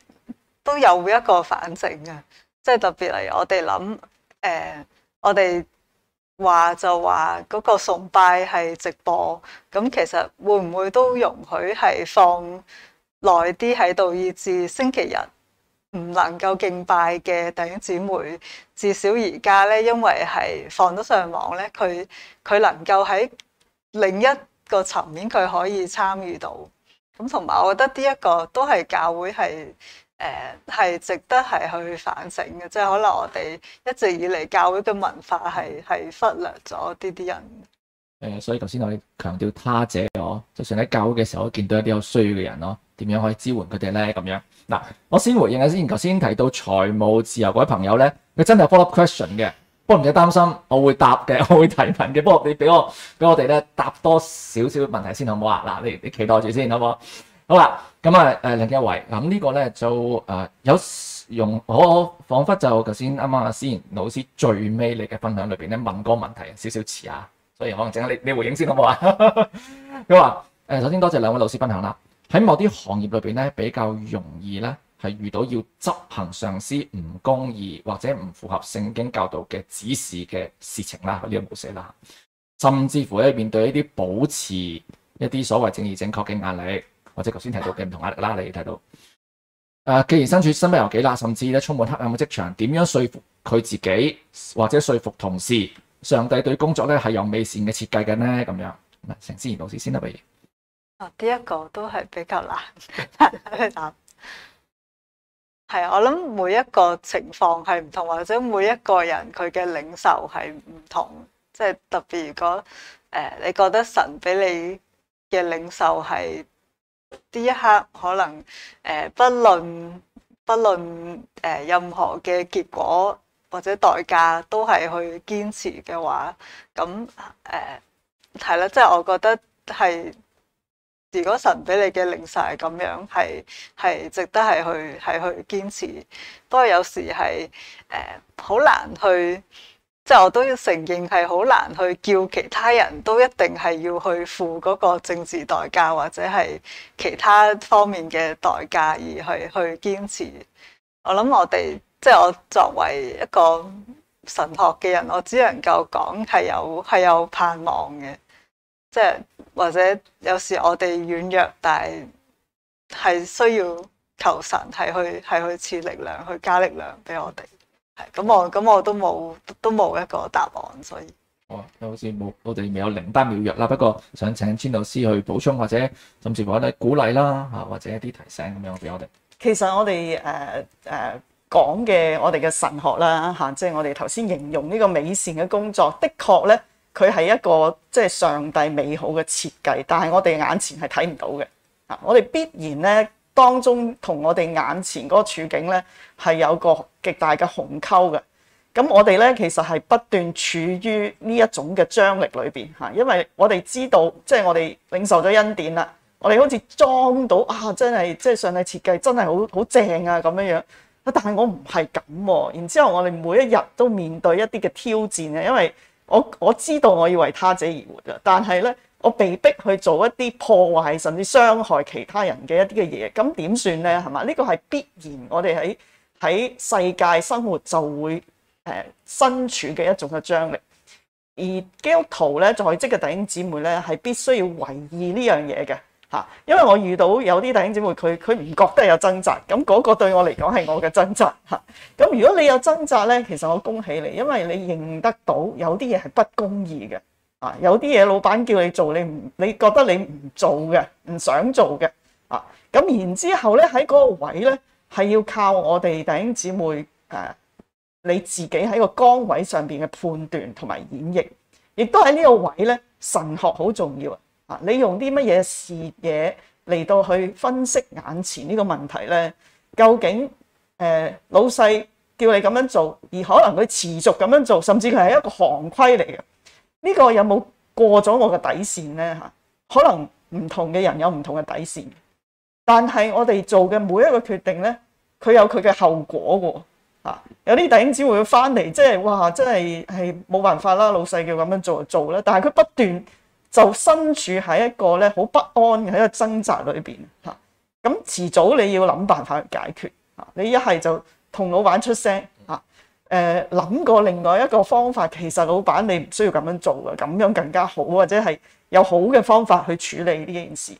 都有一個反省嘅，即係特別嚟我哋諗，誒我哋。話就話嗰個崇拜係直播，咁其實會唔會都容許係放耐啲喺度，以至星期日唔能夠敬拜嘅弟兄姊妹，至少而家呢，因為係放咗上網呢，佢佢能夠喺另一個層面佢可以參與到。咁同埋我覺得呢一個都係教會係。誒、呃、係值得係去反省嘅，即、就、係、是、可能我哋一直以嚟教會嘅文化係係忽略咗呢啲人。誒、呃，所以頭先我哋強調他者咯，就算喺教會嘅時候都見到一啲有需要嘅人咯，點樣可以支援佢哋咧？咁樣嗱，我先回應下先。頭先提到財務自由嗰位朋友咧，佢真係 follow up question 嘅，不過唔使擔心，我會答嘅，我會提問嘅。不過你俾我俾我哋咧答多少少問題先好唔好啊？嗱，你你期待住先好唔好？好啦，咁啊，誒梁潔慧，咁呢個咧就誒、呃、有用，我，彷彿就頭先啱啱阿思賢老師最尾你嘅分享裏邊咧問個問題，少少遲啊，所以可能整係你你回應先好唔好 啊？你話誒，首先多謝，謝兩位老師分享啦。喺某啲行業裏邊咧，比較容易咧係遇到要執行上司唔公義或者唔符合聖經教導嘅指示嘅事情啦，呢條冇寫啦。甚至乎咧面對一啲保持一啲所謂正義正確嘅壓力。或者頭先提到嘅唔同壓力啦，你睇到誒，既然身處身不由己啦，甚至咧充滿黑暗嘅職場，點樣説服佢自己或者説服同事，上帝對工作咧係有美善嘅設計嘅咧？咁樣，成思言老師先得未？哦，呢一個都係比較難諗。係 啊， 我諗每一個情況係唔同，或者每一個人佢嘅領受係唔同。即係特別如果誒，呃，你覺得神俾你嘅領受係～呢一刻可能誒、呃，不論不論誒、呃，任何嘅結果或者代價，都係去堅持嘅話，咁誒係啦，即、呃、係、就是、我覺得係如果神俾你嘅領受係咁樣，係係值得係去係去堅持，不過有時係誒好難去。即係我都要承認係好難去叫其他人都一定係要去付嗰個政治代價，或者係其他方面嘅代價而去去堅持。我諗我哋即係我作為一個神學嘅人，我只能夠講係有係有盼望嘅。即係或者有時候我哋軟弱，但係係需要求神係去係去賜力量，去加力量俾我哋。咁我咁我都冇都冇一個答案，所以哦，好似冇我哋未有靈丹妙藥啦。不過想請千老師去補充，或者甚至乎或者鼓勵啦嚇，或者一啲提醒咁樣俾我哋。其實我哋誒誒講嘅我哋嘅神學啦嚇，即係我哋頭先形容呢個美善嘅工作，的確咧佢係一個即係上帝美好嘅設計，但係我哋眼前係睇唔到嘅啊！我哋必然咧。當中同我哋眼前嗰個處境咧，係有個極大嘅鴻溝嘅。咁我哋咧，其實係不斷處於呢一種嘅張力裏邊吓，因為我哋知道，即係我哋領受咗恩典啦，我哋好似裝到啊，真係即係上帝設計真係好好正啊咁樣樣。但係我唔係咁。然之後我哋每一日都面對一啲嘅挑戰啊，因為我我知道我要為他者而活啊，但係咧。我被逼去做一啲破壞甚至傷害其他人嘅一啲嘅嘢，咁點算咧？係嘛？呢個係必然，我們在，我哋喺喺世界生活就會誒、呃、身處嘅一種嘅張力。而基督徒咧，在職嘅弟兄姊妹咧，係必須要維護呢樣嘢嘅嚇。因為我遇到有啲弟兄姊妹，佢佢唔覺得有掙扎，咁嗰個對我嚟講係我嘅掙扎嚇。咁如果你有掙扎咧，其實我恭喜你，因為你認得到有啲嘢係不公義嘅。啊，有啲嘢老闆叫你做，你唔你覺得你唔做嘅，唔想做嘅啊。咁然之後咧，喺嗰個位咧，係要靠我哋弟兄姊妹誒、啊，你自己喺個崗位上邊嘅判斷同埋演繹，亦都喺呢個位咧，神學好重要啊。你用啲乜嘢視野嚟到去分析眼前呢個問題咧？究竟誒、呃，老細叫你咁樣做，而可能佢持續咁樣做，甚至佢係一個行規嚟嘅。呢、這個有冇過咗我嘅底線咧？吓，可能唔同嘅人有唔同嘅底線，但係我哋做嘅每一個決定咧，佢有佢嘅後果嘅，吓，有啲弟兄姊會翻嚟，即係哇，真係係冇辦法啦，老細叫咁樣做就做啦，但係佢不斷就身處喺一個咧好不安嘅一個掙扎裏邊，吓，咁遲早你要諗辦法去解決，吓，你一係就同老闆出聲。誒、呃、諗過另外一個方法，其實老闆你唔需要咁樣做嘅，咁樣更加好，或者係有好嘅方法去處理呢件事。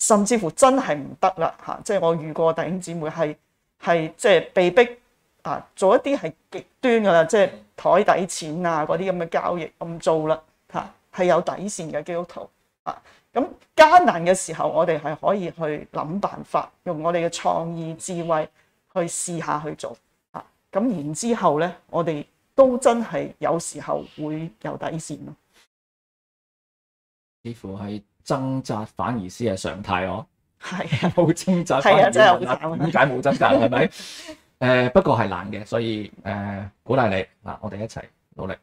甚至乎真係唔得啦嚇，即、啊、係、就是、我遇過的弟兄姊妹係係即係被逼啊做一啲係極端㗎啦，即係枱底錢啊嗰啲咁嘅交易咁做啦嚇，係、啊、有底線嘅基督徒啊。咁艱難嘅時候，我哋係可以去諗辦法，用我哋嘅創意智慧去試下去做。咁然之後咧，我哋都真係有時候會有底線咯。幾乎係掙扎、啊扎，啊、扎，反而先係常態哦。係啊，冇掙扎，點解冇掙扎？係咪？不過係難嘅，所以誒、呃、鼓勵你嗱，我哋一齊努力。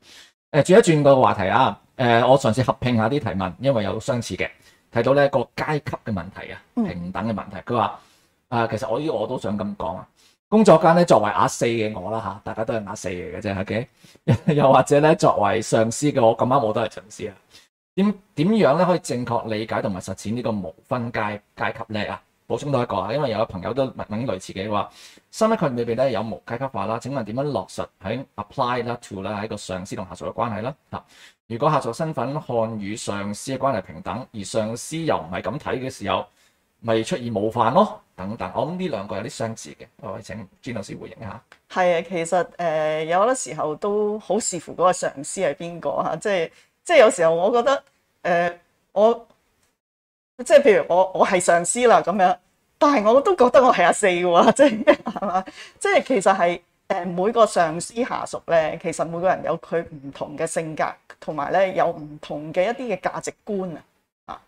誒轉一轉個話題啊！我嘗試合拼下啲提問，因為有相似嘅提到咧個階級嘅問題啊、嗯，平等嘅問題。佢話啊，其實我呢我都想咁講啊。工作間咧，作為阿四嘅我啦吓，大家都係阿四嚟嘅啫，ok。又或者咧，作為上司嘅我，咁啱我都係上司啊。點點樣咧可以正確理解同埋實踐呢個無分階階級咧啊？補充多一個啊，因為有個朋友都問類似嘅話，三一群裡邊咧有無階級化啦？請問點樣落實喺 apply 啦 to 啦喺個上司同下屬嘅關係啦？吓，如果下屬身份看與上司嘅關係平等，而上司又唔係咁睇嘅時候。咪出現冒犯咯，等等。我諗呢兩個有啲相似嘅，我請朱老師回應下。係啊，其實誒、呃、有好多時候都好視乎嗰個上司係邊個嚇，即係即係有時候我覺得誒、呃、我即係、就是、譬如我我係上司啦咁樣，但係我都覺得我係阿四喎，即係係嘛，即係、就是、其實係誒、呃、每個上司下屬咧，其實每個人有佢唔同嘅性格，還有呢有不同埋咧有唔同嘅一啲嘅價值觀啊，啊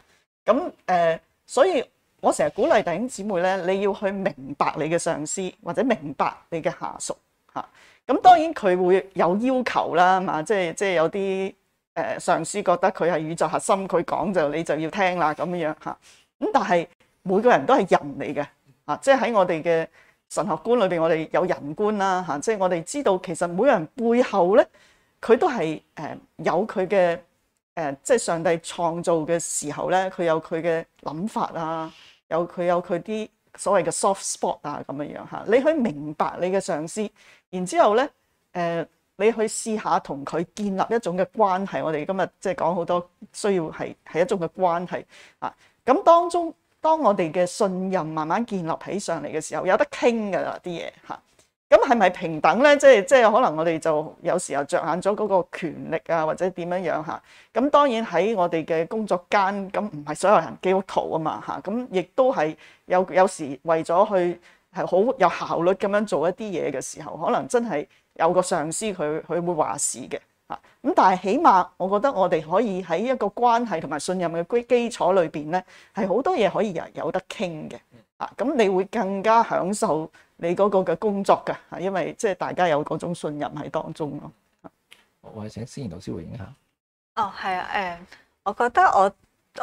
咁誒，所以。我成日鼓勵弟兄姊妹咧，你要去明白你嘅上司或者明白你嘅下屬嚇。咁當然佢會有要求啦嘛，即係即係有啲誒上司覺得佢係宇宙核心，佢講就你就要聽啦咁樣嚇。咁但係每個人都係人嚟嘅嚇，即係喺我哋嘅神學觀裏邊，我哋有人觀啦嚇，即係我哋知道其實每個人背後咧，佢都係誒有佢嘅誒，即係上帝創造嘅時候咧，佢有佢嘅諗法啊。有佢有佢啲所謂嘅 soft spot 啊，咁樣樣嚇。你去明白你嘅上司，然之後咧，誒、呃，你去試下同佢建立一種嘅關係。我哋今日即係講好多需要係係一種嘅關係啊。咁當中，當我哋嘅信任慢慢建立起上嚟嘅時候，有得傾㗎啦啲嘢嚇。咁係咪平等咧？即係即係，就是、可能我哋就有時候着眼咗嗰個權力啊，或者點樣樣嚇。咁當然喺我哋嘅工作間，咁唔係所有人基督徒啊嘛嚇。咁亦都係有有時為咗去係好有效率咁樣做一啲嘢嘅時候，可能真係有個上司佢佢會話事嘅嚇。咁但係起碼，我覺得我哋可以喺一個關係同埋信任嘅基礎裏面咧，係好多嘢可以有有得傾嘅嚇。咁你會更加享受。你嗰個嘅工作㗎，因為即係大家有嗰種信任喺當中咯。我係請思言老師回應下。哦，係啊，誒，我覺得我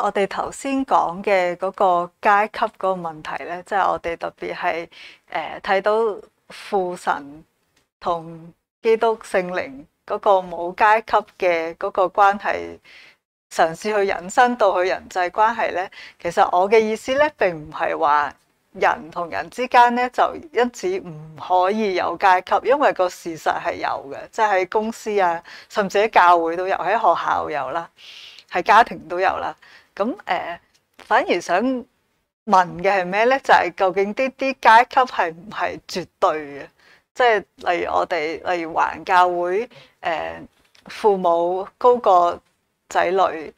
我哋頭先講嘅嗰個階級嗰個問題咧，即係我哋特別係誒睇到父神同基督聖靈嗰個冇階級嘅嗰個關係，嘗試去引申到去人際關係咧。其實我嘅意思咧，並唔係話。人同人之間咧，就因此唔可以有階級，因為個事實係有嘅，即係喺公司啊，甚至喺教會都有，喺學校有啦，喺家庭都有啦。咁誒、呃，反而想問嘅係咩咧？就係、是、究竟啲啲階級係唔係絕對嘅？即、就、係、是、例如我哋，例如華人教會誒、呃，父母高過仔女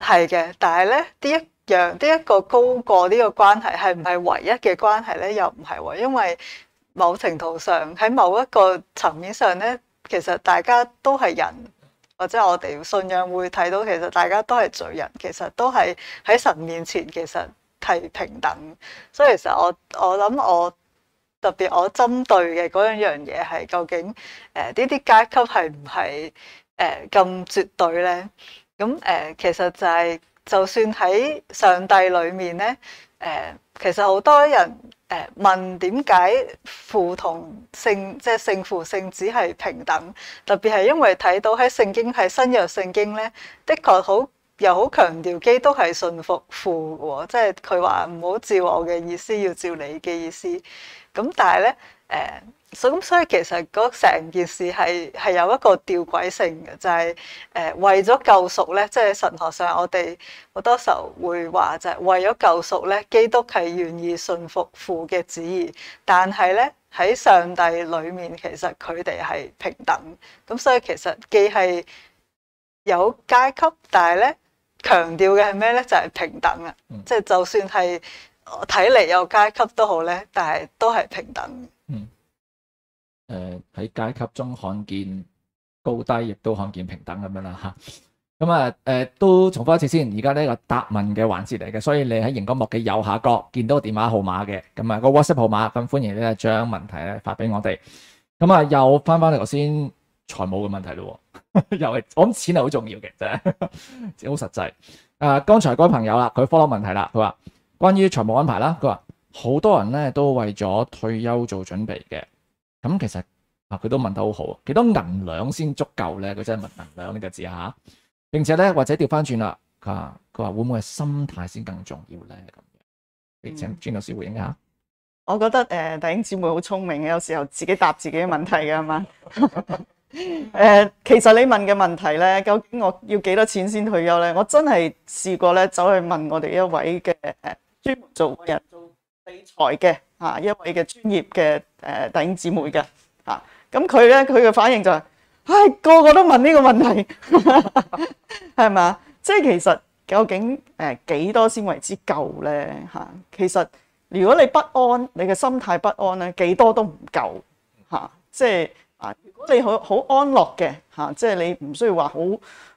係嘅，但係咧啲一。讓呢一個高過呢個關係係唔係唯一嘅關係呢？又唔係喎，因為某程度上喺某一個層面上呢，其實大家都係人，或者我哋信仰會睇到，其實大家都係罪人，其實都係喺神面前其實係平等。所以其實我我諗我特別我針對嘅嗰樣嘢，係究竟誒，呢啲階級係唔係誒咁絕對呢？咁誒、呃、其實就係、是。就算喺上帝裏面咧，誒、呃、其實好多人誒、呃、問點解父同聖即係聖父聖子係平等，特別係因為睇到喺聖經喺新約聖經咧，的確好又好強調基督係順服父喎，即係佢話唔好照我嘅意思，要照你嘅意思。咁但係咧，誒、呃。所以咁、就是就是，所以其實成件事係係有一個吊軌性嘅，就係誒為咗救贖咧，即係神學上我哋好多時候會話就係為咗救贖咧，基督係願意信服父嘅旨意，但係咧喺上帝裡面其實佢哋係平等，咁所以其實既係有階級，但係咧強調嘅係咩咧？就係、是、平等啊！即、就、係、是、就算係睇嚟有階級都好咧，但係都係平等。誒、呃、喺階級中看見高低，亦都看見平等咁樣啦嚇。咁啊誒都重複一次先。而家呢個答問嘅環節嚟嘅，所以你喺熒光幕嘅右下角見到個電話號碼嘅，咁、嗯、啊、個 WhatsApp 號碼，咁歡迎你啊將問題咧發俾我哋。咁、嗯、啊、嗯、又翻翻嚟頭先財務嘅問題嘞，又係我諗錢係好重要嘅，真係好實際。誒、呃、剛才嗰位朋友啦，佢 follow 問題啦，佢話關於財務安排啦，佢話好多人咧都為咗退休做準備嘅。咁其實啊，佢都問得好好啊，幾多銀兩先足夠咧？佢真係問銀兩呢個字吓、啊，並且咧或者調翻轉啦，佢話佢話會唔會係心態先更重要咧？咁、啊、樣，你請鍾老師回應下。我覺得誒、呃，弟兄姊妹好聰明嘅，有時候自己答自己嘅問題噶嘛。誒、 呃，其實你問嘅問題咧，究竟我要幾多錢先退休咧？我真係試過咧，走去問我哋一位嘅專門做人。理財嘅嚇一位嘅專業嘅誒弟兄姊妹嘅嚇，咁佢咧佢嘅反應就係、是，唉、哎、個個都問呢個問題，係咪啊？即係其實究竟誒幾多先為之夠咧嚇？其實如果你不安，你嘅心態不安咧，幾多都唔夠嚇。即係啊，如果你好好安樂嘅嚇，即係你唔需要話好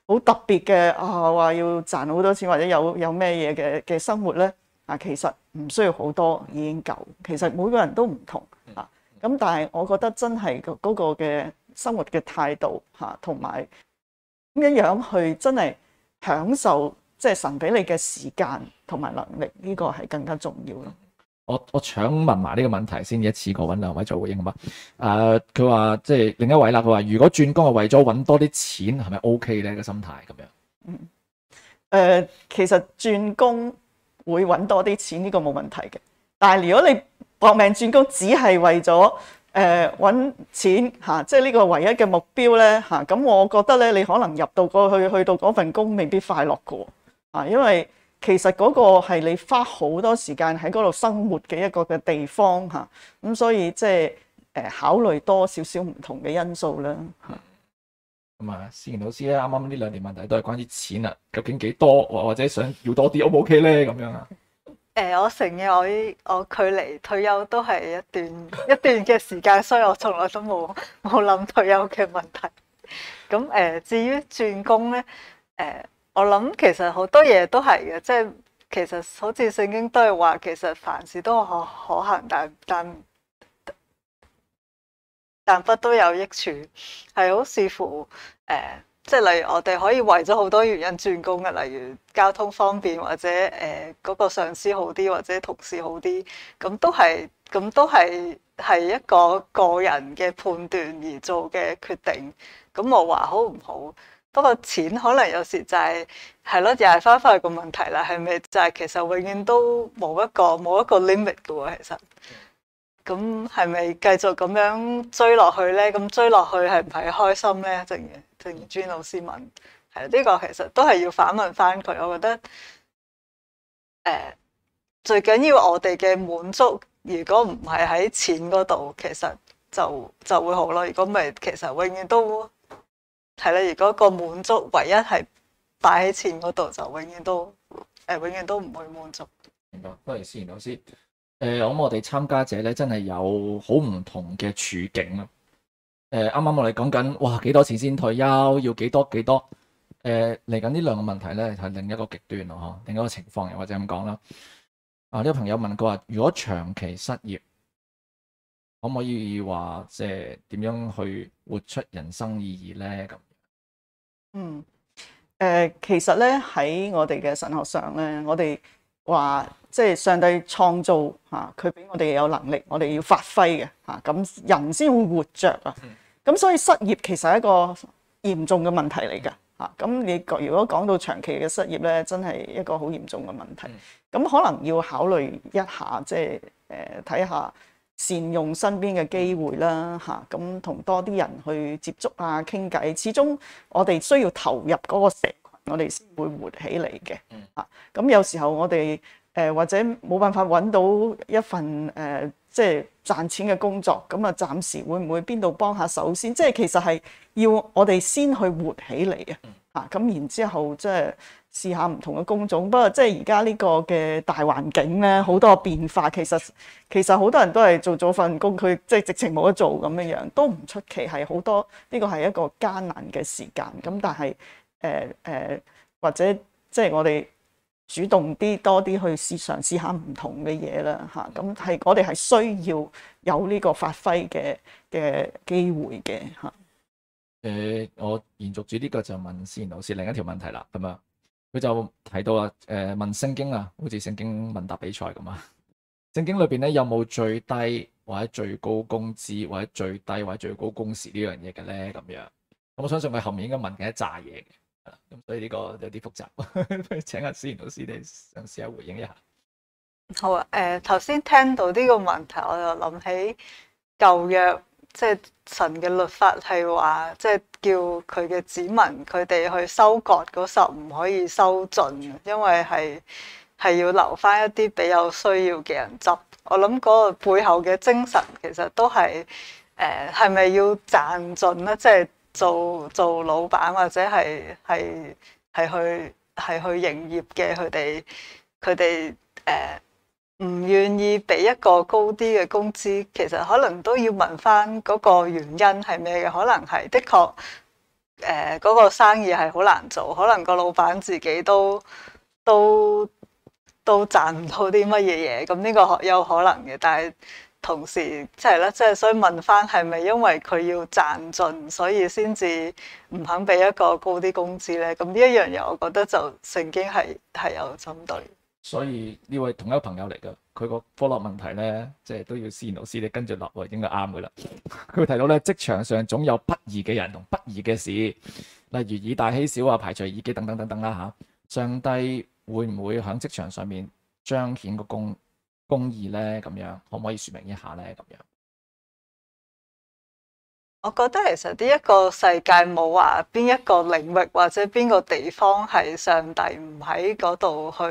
好特別嘅啊，話要賺好多錢或者有有咩嘢嘅嘅生活咧啊，其實。唔需要好多，已經夠。其實每個人都唔同嚇，咁、啊、但係我覺得真係嗰個嘅生活嘅態度嚇，同埋點樣樣去真係享受即係、就是、神俾你嘅時間同埋能力，呢、這個係更加重要咯。我我想問埋呢個問題先，一次過搵兩位做回應啊嘛。誒，佢話即係另一位啦。佢話如果轉工係為咗搵多啲錢，係咪 OK 咧？個心態咁樣。嗯。誒、呃，其實轉工，會揾多啲錢呢個冇問題嘅，但係如果你搏命轉工只係為咗誒揾錢嚇，即係呢個唯一嘅目標咧嚇，咁我覺得咧，你可能入到過去去到嗰份工未必快樂噶喎啊，因為其實嗰個係你花好多時間喺嗰度生活嘅一個嘅地方嚇，咁所以即係誒考慮多少少唔同嘅因素啦嚇。啊啊、嗯，思言老師咧，啱啱呢兩條問題都係關於錢啊，究竟幾多或或者想要多啲 O 唔 O K 咧？咁樣啊？誒、呃，我承認我我距離退休都係一段 一段嘅時間，所以我從來都冇冇諗退休嘅問題。咁誒、呃，至於轉工咧，誒、呃，我諗其，其實好多嘢都係嘅，即係其實好似聖經都係話，其實凡事都可可行，但但。但不都有益處，係好視乎誒、呃，即係例如我哋可以為咗好多原因轉工嘅，例如交通方便或者誒嗰、呃那個上司好啲或者同事好啲，咁都係，咁都係係一個個人嘅判斷而做嘅決定，咁我話好唔好？不過錢可能有時就係係咯，又係返返去個問題啦，係咪？就係、是、其實永遠都冇一個冇一個 limit 嘅，其實。咁係咪繼續咁樣追落去咧？咁追落去係唔係開心咧？正如正如尊老師問，係啦，呢個其實都係要反問翻佢。我覺得、呃、最緊要我哋嘅滿足，如果唔係喺錢嗰度，其實就就會好咯。如果唔係，其實永遠都係啦。如果個滿足唯一係擺喺錢嗰度，就永遠都、呃、永遠都唔會滿足。明白，多謝思言老師。誒、呃，咁我哋參加者咧，真係有好唔同嘅處境啦。誒、呃，啱啱我哋講緊，哇，幾多錢先退休？要幾多幾多？誒、呃，嚟緊呢兩個問題咧，係另一個極端咯，嗬，另一個情況，又或者咁講啦。啊、呃，呢、呢個朋友問佢話，如果長期失業，可唔可以話即係點樣去活出人生意義咧？咁，嗯，誒、呃，其實咧喺我哋嘅神學上咧，我哋話。即、係上帝創造嚇，佢俾我哋有能力，我哋要發揮嘅嚇。咁人先會活着啊！咁、嗯、所以失業其實係一個嚴重嘅問題嚟㗎嚇。咁、嗯、你如果講到長期嘅失業咧，真係一個好嚴重嘅問題。咁、嗯、可能要考慮一下，即係誒睇下善用身邊嘅機會啦嚇。咁同多啲人去接觸啊，傾偈，始終我哋需要投入嗰個社群，我哋先會活起嚟嘅嚇。咁、嗯、有時候我哋誒或者冇辦法揾到一份誒、呃、即係賺錢嘅工作，咁啊暫時會唔會邊度幫下手先？即係其實係要我哋先去活起嚟、嗯、啊！啊咁然之後即係試下唔同嘅工種。不過即係而家呢個嘅大環境咧好多變化，其實其實好多人都係做咗份工，佢即係直情冇得做咁樣樣，都唔出奇係好多呢、這個係一個艱難嘅時間。咁但係誒誒或者即係我哋。主動啲，多啲去試嘗試下唔同嘅嘢啦，吓咁係我哋係需要有呢個發揮嘅嘅機會嘅吓。誒、呃，我延續住呢個就問思言老師另一條問題啦，咁樣佢就提到啊，誒、呃，問聖經啊，好似聖經問答比賽咁啊，聖經裏邊咧有冇最低或者最高工資或者最低或者最高工時呢這樣嘢嘅咧？咁樣咁我相信佢後面應該問嘅一紮嘢咁所以呢個有啲複雜，請阿思言老師你嘗試下回應一下。好啊，誒、呃，頭先聽到呢個問題，我又諗起舊約，即、就、係、是、神嘅律法係話，即、就、係、是、叫佢嘅子民佢哋去收割嗰時唔可以收盡，因為係係要留翻一啲比較需要嘅人執。我諗嗰個背後嘅精神，其實都係誒，係、呃、咪要賺盡咧？即係。做做老闆或者係係係去係去營業嘅佢哋佢哋誒，唔願意俾一個高啲嘅工資，其實可能都要問翻嗰個原因係咩嘅？可能係的確誒嗰個生意係好難做，可能個老闆自己都都都賺唔到啲乜嘢嘢，咁呢個有可能嘅，但係。同時，即係咧，即係所以問翻係咪因為佢要賺盡，所以先至唔肯俾一個高啲工資咧？咁呢一樣嘢，我覺得就聖經係係有針對的。所以呢位同一個朋友嚟噶，佢個 follow up 問題咧，即係都要思言老師你跟住落，喎，應該啱噶啦。佢 提到咧，職場上總有不義嘅人同不義嘅事，例如以大欺小啊、排除異己等等等等啦嚇。上帝會唔會喺職場上面彰顯個公？公義咧咁樣，可唔可以説明一下咧咁樣？我覺得其實呢一個世界冇話邊一個領域或者邊個地方係上帝唔喺嗰度去，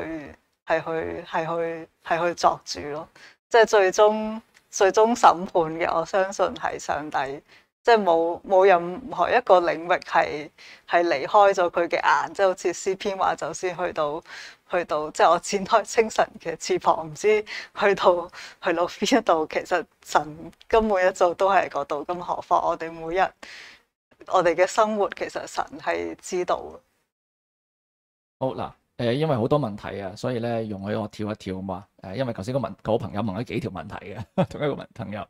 係去係去係去,去作主咯。即係最終最終審判嘅，我相信係上帝。即係冇冇任何一個領域係係離開咗佢嘅眼。即係好似詩篇話，就先去到。去到即係我展開清晨嘅翅膀，唔知去到去到邊一度。其實神根本一早都係嗰度，咁何況我哋每日我哋嘅生活其實神係知道。好嗱，誒，因為好多問題啊，所以咧容許我跳一跳嘛。誒，因為頭先個問朋友問咗幾條問題嘅同一個問朋友，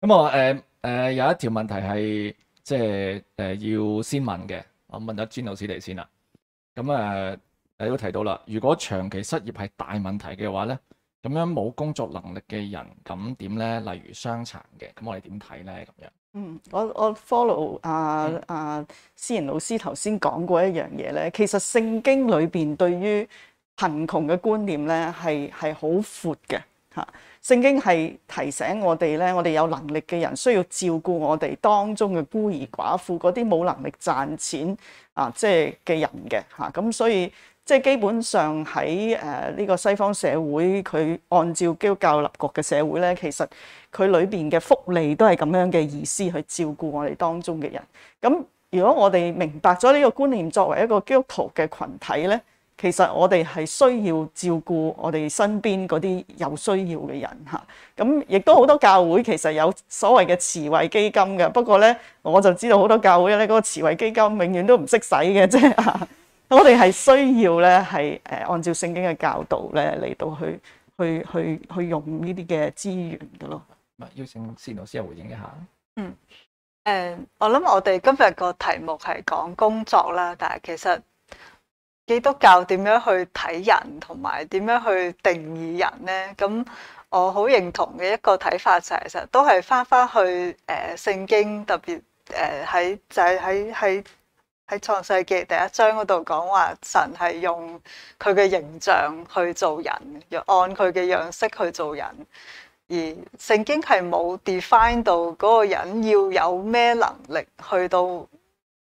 咁我誒誒、呃呃、有一條問題係即係誒、呃、要先問嘅，我問咗朱老師嚟先啦。咁誒。呃誒，都提到啦，如果長期失業係大問題嘅話咧，咁樣冇工作能力嘅人咁點咧？例如傷殘嘅，咁我哋點睇咧？咁樣嗯，我我 follow 阿阿思言老師頭先講過一樣嘢咧，其實聖經裏邊對於貧窮嘅觀念咧，係係好闊嘅吓、啊。聖經係提醒我哋咧，我哋有能力嘅人需要照顧我哋當中嘅孤兒寡婦，嗰啲冇能力賺錢啊，即係嘅人嘅吓。咁、啊、所以。即係基本上喺誒呢個西方社會，佢按照基督教立國嘅社會咧，其實佢裏邊嘅福利都係咁樣嘅意思去照顧我哋當中嘅人。咁如果我哋明白咗呢個觀念，作為一個基督徒嘅群體咧，其實我哋係需要照顧我哋身邊嗰啲有需要嘅人嚇。咁亦都好多教會其實有所謂嘅慈惠基金嘅，不過咧我就知道好多教會咧嗰個慈惠基金永遠都唔識使嘅啫。我哋係需要咧，係誒按照聖經嘅教導咧嚟到去去去去用呢啲嘅資源嘅咯。唔要請思言老師又回應一下。嗯，誒、呃，我諗我哋今日個題目係講工作啦，但係其實基督教點樣去睇人，同埋點樣去定義人咧？咁我好認同嘅一個睇法就係、是，其實都係返返去誒聖、呃、經，特別誒喺就係喺喺。呃喺創世記第一章嗰度講話，神係用佢嘅形象去做人，又按佢嘅樣式去做人。而聖經係冇 define 到嗰個人要有咩能力去到，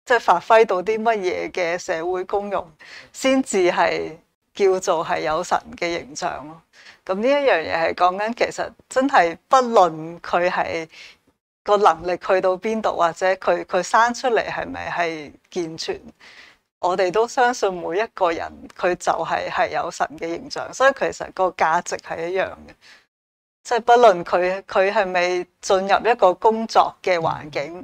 即係發揮到啲乜嘢嘅社會功用，先至係叫做係有神嘅形象咯。咁呢一樣嘢係講緊，其實真係不論佢係。個能力去到邊度，或者佢佢生出嚟，係咪係健全？我哋都相信每一個人，佢就係、是、係有神嘅形象，所以其實個價值係一樣嘅。即、就、係、是、不論佢佢係咪進入一個工作嘅環境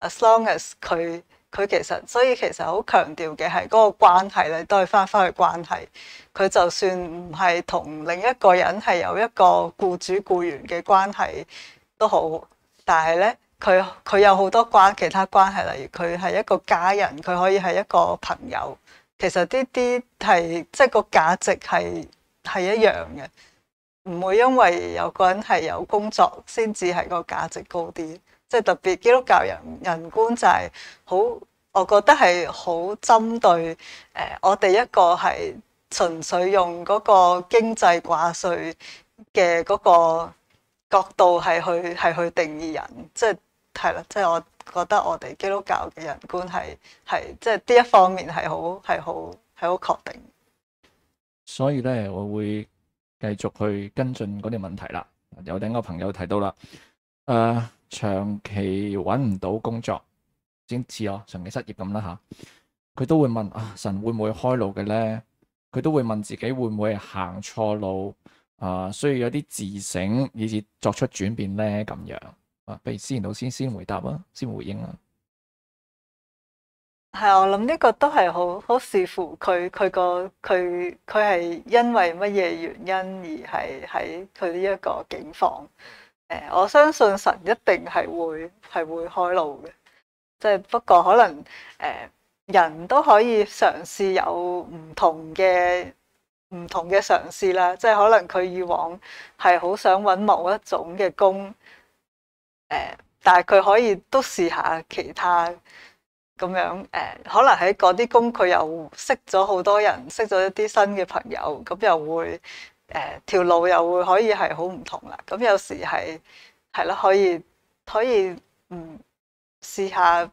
，as long as 佢佢其實，所以其實好強調嘅係嗰個關係咧，都係翻翻去關係。佢就算唔係同另一個人係有一個僱主僱員嘅關係，都好。但係咧，佢佢有好多關其他關係，例如佢係一個家人，佢可以係一個朋友。其實呢啲係即係個價值係係一樣嘅，唔會因為有個人係有工作先至係個價值高啲。即係特別基督教人人觀就係好，我覺得係好針對誒、呃、我哋一個係純粹用嗰個經濟掛帥嘅嗰個角度，係去係去定義人，即係係啦，即係、就是、我覺得我哋基督教嘅人觀係係即係呢一方面係好係好係好確定的。所以咧，我會繼續去跟進嗰啲問題啦。有另一個朋友提到啦，誒、呃，長期搵唔到工作，先似我長期失業咁啦吓，佢都會問啊，神會唔會開路嘅咧？佢都會問自己會唔會行錯路？啊，需要有啲自省，以至作出轉變咧，咁樣啊，不如思言老師先回答啊，先回應啊。係啊，我諗呢個都係好好視乎佢佢個佢佢係因為乜嘢原因而係喺佢呢一個境況。誒、呃，我相信神一定係會係會開路嘅。即係不過可能誒、呃、人都可以嘗試有唔同嘅。唔同嘅嘗試啦，即係可能佢以往係好想揾某一種嘅工，誒，但係佢可以都試下其他咁樣，誒，可能喺嗰啲工佢又識咗好多人，識咗一啲新嘅朋友，咁又會，誒，條路又會可以係好唔同啦。咁有時係係咯，可以可以唔試下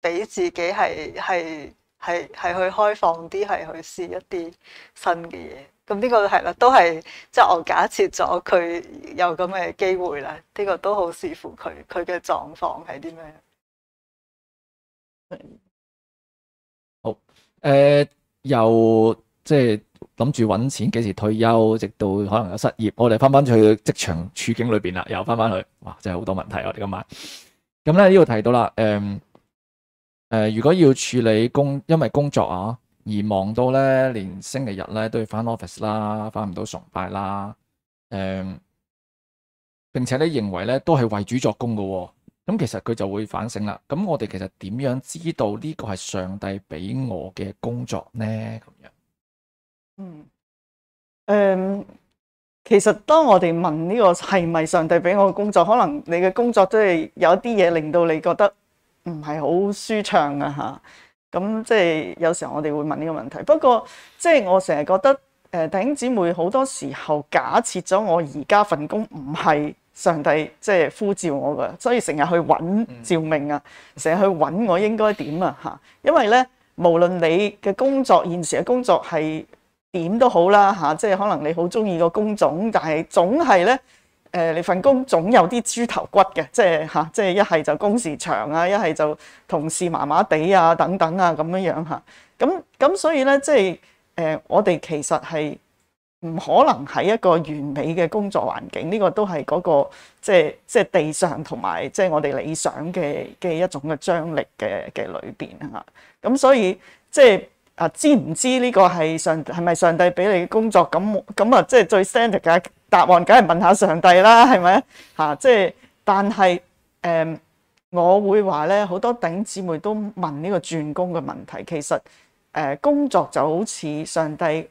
俾自己係係。是係係去開放啲，係去試一啲新嘅嘢。咁呢個係啦，都係即係我假設咗佢有咁嘅機會啦。呢個都好視乎佢佢嘅狀況係啲咩。好誒、呃，又即係諗住揾錢幾時退休，直到可能有失業，我哋翻翻去職場處境裏邊啦，又翻翻去，哇！真係好多問題我哋今晚咁咧，呢度提到啦，誒、呃。誒、呃，如果要處理工，因為工作啊而忙到咧，連星期日咧都要返 office 啦，返唔到崇拜啦，誒、嗯，並且咧認為咧都係為主作工噶、啊，咁、嗯、其實佢就會反省啦。咁我哋其實點樣知道呢個係上帝俾我嘅工作呢？咁、嗯、樣，嗯，誒，其實當我哋問呢個係咪上帝俾我嘅工作，可能你嘅工作都係有一啲嘢，令到你覺得。唔係好舒暢啊嚇，咁即係有時候我哋會問呢個問題。不過即係我成日覺得誒弟兄姊妹好多時候假設咗我而家份工唔係上帝即係呼召我㗎，所以成日去揾召命啊，成日去揾我應該點啊嚇。因為咧，無論你嘅工作現時嘅工作係點都好啦嚇，即係可能你好中意個工種，但係總係咧。誒你份工總有啲豬頭骨嘅，即係嚇，即係一係就工時長啊，一係就同事麻麻地啊，等等啊咁樣樣嚇。咁咁所以咧，即係誒、呃，我哋其實係唔可能喺一個完美嘅工作環境，呢個都係嗰個即係即係地上同埋即係我哋理想嘅嘅一種嘅張力嘅嘅裏邊嚇。咁所以即係。啊，知唔知呢個係上係咪上帝俾你嘅工作？咁咁啊，即係最 standard 嘅答案，梗係問下上帝啦，係咪啊？即係，但係誒、呃，我會話咧，好多頂姊妹都問呢個轉工嘅問題。其實誒、呃，工作就好似上帝誒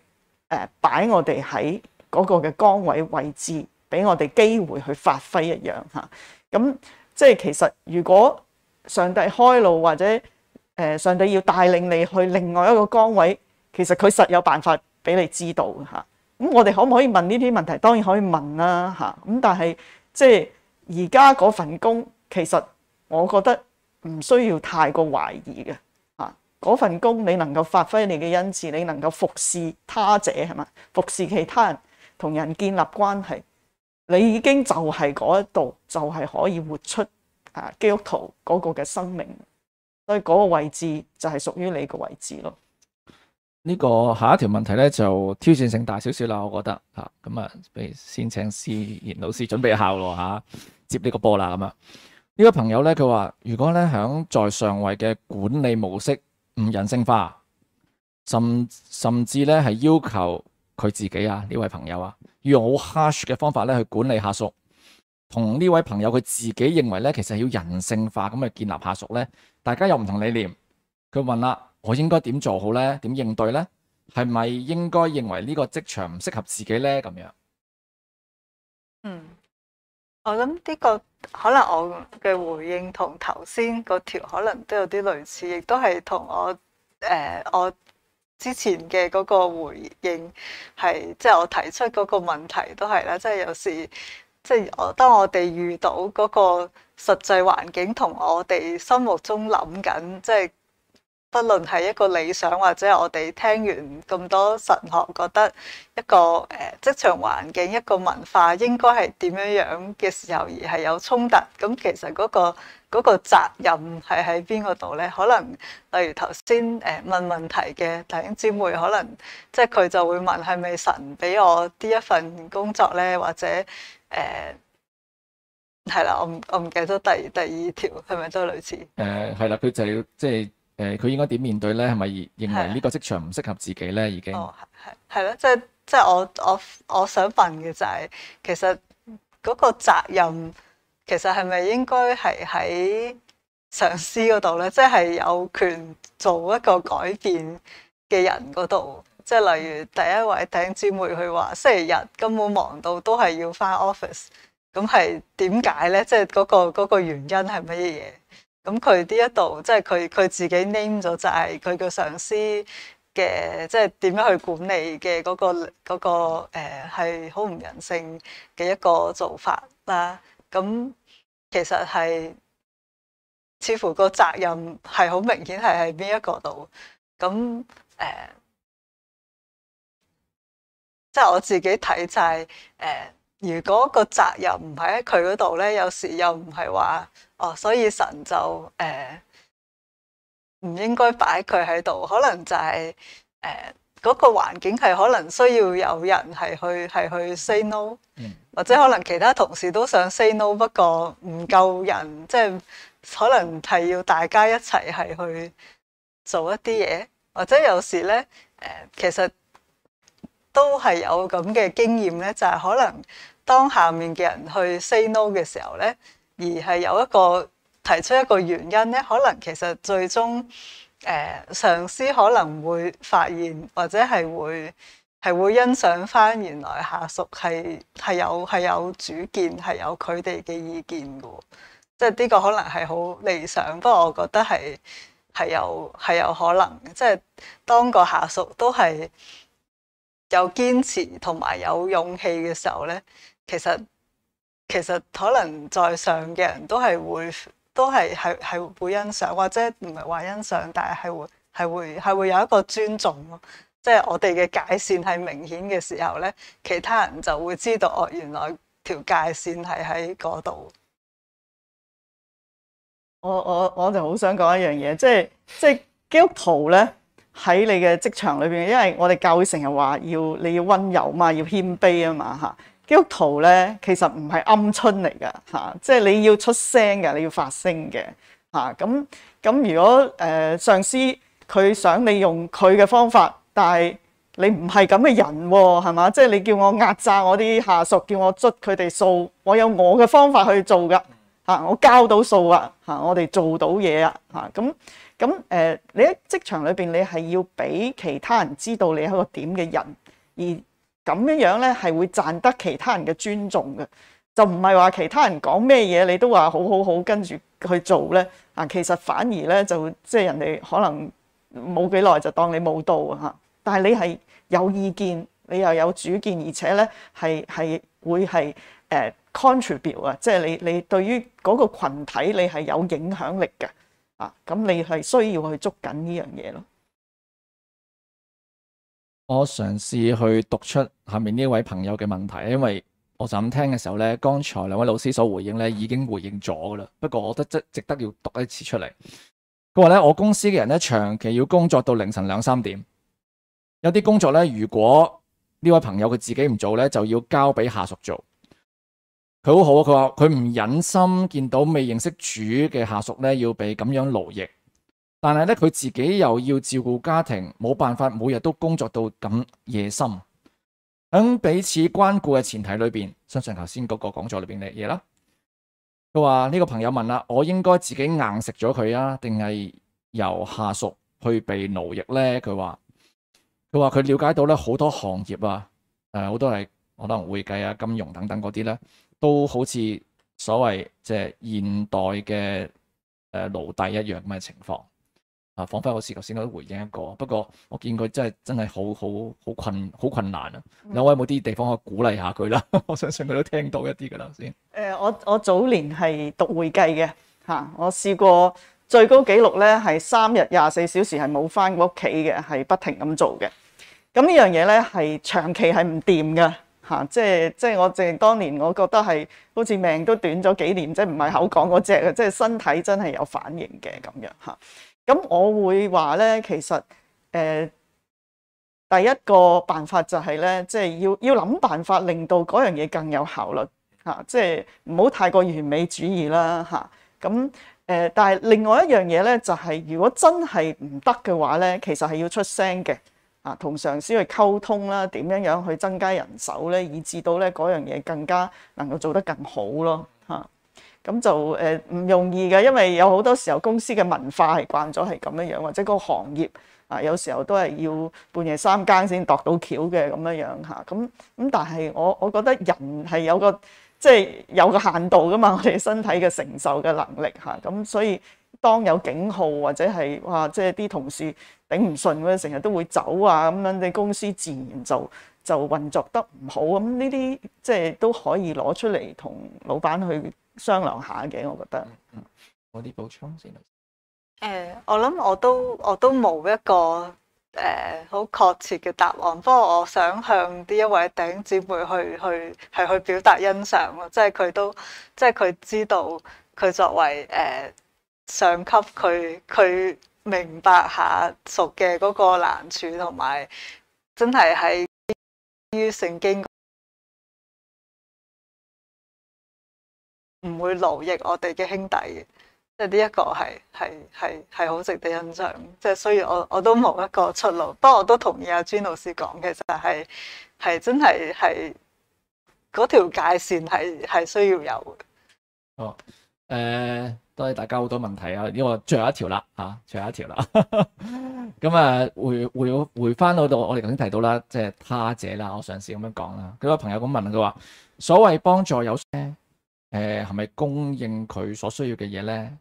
擺、呃、我哋喺嗰個嘅崗位位置，俾我哋機會去發揮一樣嚇。咁、啊、即係其實，如果上帝開路或者，誒，上帝要帶領你去另外一個崗位，其實佢實有辦法俾你知道吓。咁我哋可唔可以問呢啲問題？當然可以問啦、啊、吓。咁但係即係而家嗰份工，其實我覺得唔需要太過懷疑嘅吓。嗰份工你能夠發揮你嘅恩賜，你能夠服侍他者係嘛？服侍其他人同人建立關係，你已經就係嗰一度，就係、是、可以活出啊基督徒嗰個嘅生命。所以嗰個位置就係屬於你個位置咯。呢、這個下一條問題咧就挑戰性大少少啦，我覺得吓，咁啊，不如先請思言老師準備下咯吓、啊，接呢個波啦咁啊。呢位、這個、朋友咧，佢話如果咧響在，在上位嘅管理模式唔人性化，甚甚至咧係要求佢自己啊呢位朋友啊，要用好 harsh 嘅方法咧去管理下屬。同呢位朋友佢自己認為咧，其實係要人性化咁去建立下屬咧。大家有唔同理念，佢問啦：我應該點做好咧？點應對咧？係咪應該認為呢個職場唔適合自己咧？咁樣。嗯，我諗呢、這個可能我嘅回應同頭先嗰條可能都有啲類似，亦都係同我誒、呃、我之前嘅嗰個回應係，即係、就是、我提出嗰個問題都係啦，即、就、係、是、有時。即係我當我哋遇到嗰個實際環境同我哋心目中諗緊，即係不論係一個理想或者我哋聽完咁多神學覺得一個誒職場環境一個文化應該係點樣樣嘅時候而係有衝突，咁其實嗰個嗰個責任係喺邊個度呢？可能例如頭先誒問問題嘅弟兄姊妹，可能即係佢就會問係咪神俾我呢一份工作呢？或者？誒係啦，我唔我唔記得第二第二條係咪都類似？誒係啦，佢就要、是，即係佢應該點面對咧？係咪認為呢個職場唔適合自己咧？Uh. 已經係係咯，即係即係我我我想問嘅就係、是，其實嗰個責任其實係咪應該係喺上司嗰度咧？即、就、係、是、有權做一個改變嘅人嗰度。即係例如第一位頂姊妹佢話星期日根本忙到都係要翻 office，咁係點解咧？即係嗰個原因係乜嘢？咁佢呢一度即係佢佢自己 name 咗就係佢個上司嘅，即係點樣去管理嘅嗰個嗰個誒係好唔人性嘅一個做法啦。咁其實係似乎個責任係好明顯係喺邊一個度？咁誒？呃即係我自己睇就係、是、誒、呃，如果個責任唔喺佢嗰度咧，有時又唔係話哦，所以神就誒唔、呃、應該擺佢喺度，可能就係誒嗰個環境係可能需要有人係去係去 say no，或者可能其他同事都想 say no，不過唔夠人，即係可能係要大家一齊係去做一啲嘢，或者有時咧誒、呃，其實。都係有咁嘅經驗咧，就係、是、可能當下面嘅人去 say no 嘅時候咧，而係有一個提出一個原因咧，可能其實最終誒、呃、上司可能會發現，或者係會係會欣賞返原來下屬係係有係有主見，係有佢哋嘅意見嘅喎。即係呢個可能係好理想，不過我覺得係係有係有可能，即係、就是、當個下屬都係。有堅持同埋有勇氣嘅時候咧，其實其實可能在上嘅人都係會都係係係會欣賞，或者唔係話欣賞，但係係會係會係會有一個尊重咯。即係我哋嘅界線係明顯嘅時候咧，其他人就會知道哦，原來條界線係喺嗰度。我我我就好想講一樣嘢，即係即係基督徒咧。就是喺你嘅職場裏邊，因為我哋教會成日話要你要温柔嘛，要謙卑啊嘛嚇。基督徒呢幅圖咧，其實唔係鵪鶉嚟噶嚇，即、啊、係、就是、你要出聲嘅，你要發聲嘅嚇。咁、啊、咁、啊、如果誒、呃、上司佢想你用佢嘅方法，但係你唔係咁嘅人喎、啊，係嘛？即、就、係、是、你叫我壓榨我啲下屬，叫我捽佢哋數，我有我嘅方法去做噶嚇、啊，我交到數啊嚇，我哋做到嘢啊嚇咁。咁誒，你喺職場裏面，你係要俾其他人知道你係一個點嘅人，而咁樣樣咧，係會賺得其他人嘅尊重嘅。就唔係話其他人講咩嘢，你都話好好好，跟住去做咧。啊，其實反而咧，就即係人哋可能冇幾耐就當你冇到啊。但係你係有意見，你又有主見，而且咧係係會係誒、uh, contribute 啊，即係你你對於嗰個群體你係有影響力嘅。咁你係需要去捉緊呢樣嘢咯。我嘗試去讀出下面呢位朋友嘅問題，因為我就咁聽嘅時候呢，剛才兩位老師所回應呢已經回應咗噶啦。不過我覺得值得要讀一次出嚟。佢話呢，我公司嘅人呢長期要工作到凌晨兩三點，有啲工作呢，如果呢位朋友佢自己唔做呢，就要交俾下屬做。佢好好啊！佢話佢唔忍心見到未認識主嘅下屬呢要被咁樣勞役，但係呢，佢自己又要照顧家庭，冇辦法每日都工作到咁夜深。喺彼此關顧嘅前提裏邊，相信頭先嗰個講座裏邊嘅嘢啦。佢話呢個朋友問啦：我應該自己硬食咗佢啊，定係由下屬去被勞役呢？「佢話佢話佢了解到呢好多行業啊，誒好多係可能會計啊、金融等等嗰啲呢。」都好似所謂即係現代嘅誒奴隸一樣咁嘅情況啊，彷彿好似頭先我都回應一個，不過我見佢真係真係好好好困好困難啊！兩位有冇啲地方可以鼓勵下佢啦？ 我相信佢都聽到一啲噶啦頭先。誒、呃，我我早年係讀會計嘅嚇，我試過最高紀錄咧係三日廿四小時係冇翻過屋企嘅，係不停咁做嘅。咁呢樣嘢咧係長期係唔掂噶。嚇、啊！即係即係，我即係當年，我覺得係好似命都短咗幾年，即係唔係口講嗰隻啊！即係身體真係有反應嘅咁樣嚇。咁、啊、我會話咧，其實誒、呃、第一個辦法就係、是、咧，即係要要諗辦法令到嗰樣嘢更有效率嚇、啊。即係唔好太過完美主義啦嚇。咁、啊、誒、啊，但係另外一樣嘢咧，就係、是、如果真係唔得嘅話咧，其實係要出聲嘅。啊，同上司去溝通啦，點樣樣去增加人手咧，以至到咧嗰樣嘢更加能夠做得更好咯嚇。咁、啊、就誒唔、呃、容易嘅，因為有好多時候公司嘅文化係慣咗係咁樣樣，或者個行業啊，有時候都係要半夜三更先度到橋嘅咁樣樣嚇。咁、啊、咁但係我我覺得人係有個即係、就是、有個限度噶嘛，我哋身體嘅承受嘅能力嚇。咁、啊、所以。當有警號或者係哇，即係啲同事頂唔順咧，成日都會走啊咁樣，你公司自然就就運作得唔好咁。呢啲即係都可以攞出嚟同老闆去商量下嘅，我覺得。嗯嗯、我攞啲補充先。誒、呃，我諗我都我都冇一個誒好、呃、確切嘅答案，不過我想向呢一位頂姊妹去去係去，去表達欣賞咯，即係佢都即係佢知道佢作為誒。呃上級佢佢明白下屬嘅嗰個難處，同埋真係喺於聖經唔會勞役我哋嘅兄弟即係呢一個係係係係好值得印象的。即係所以我，我我都冇一個出路。不過，我都同意阿朱老師講嘅，就係、是、係真係係嗰條界綫係係需要有嘅。哦，誒、呃。多謝大家好多問題啊！呢個最後一條啦，吓，最後一條啦。咁啊，回回回翻到度，我哋頭先提到啦，即係他者啦。我上次咁樣講啦，有位朋友咁問，佢話：所謂幫助有咧，誒，係咪供應佢所需要嘅嘢咧，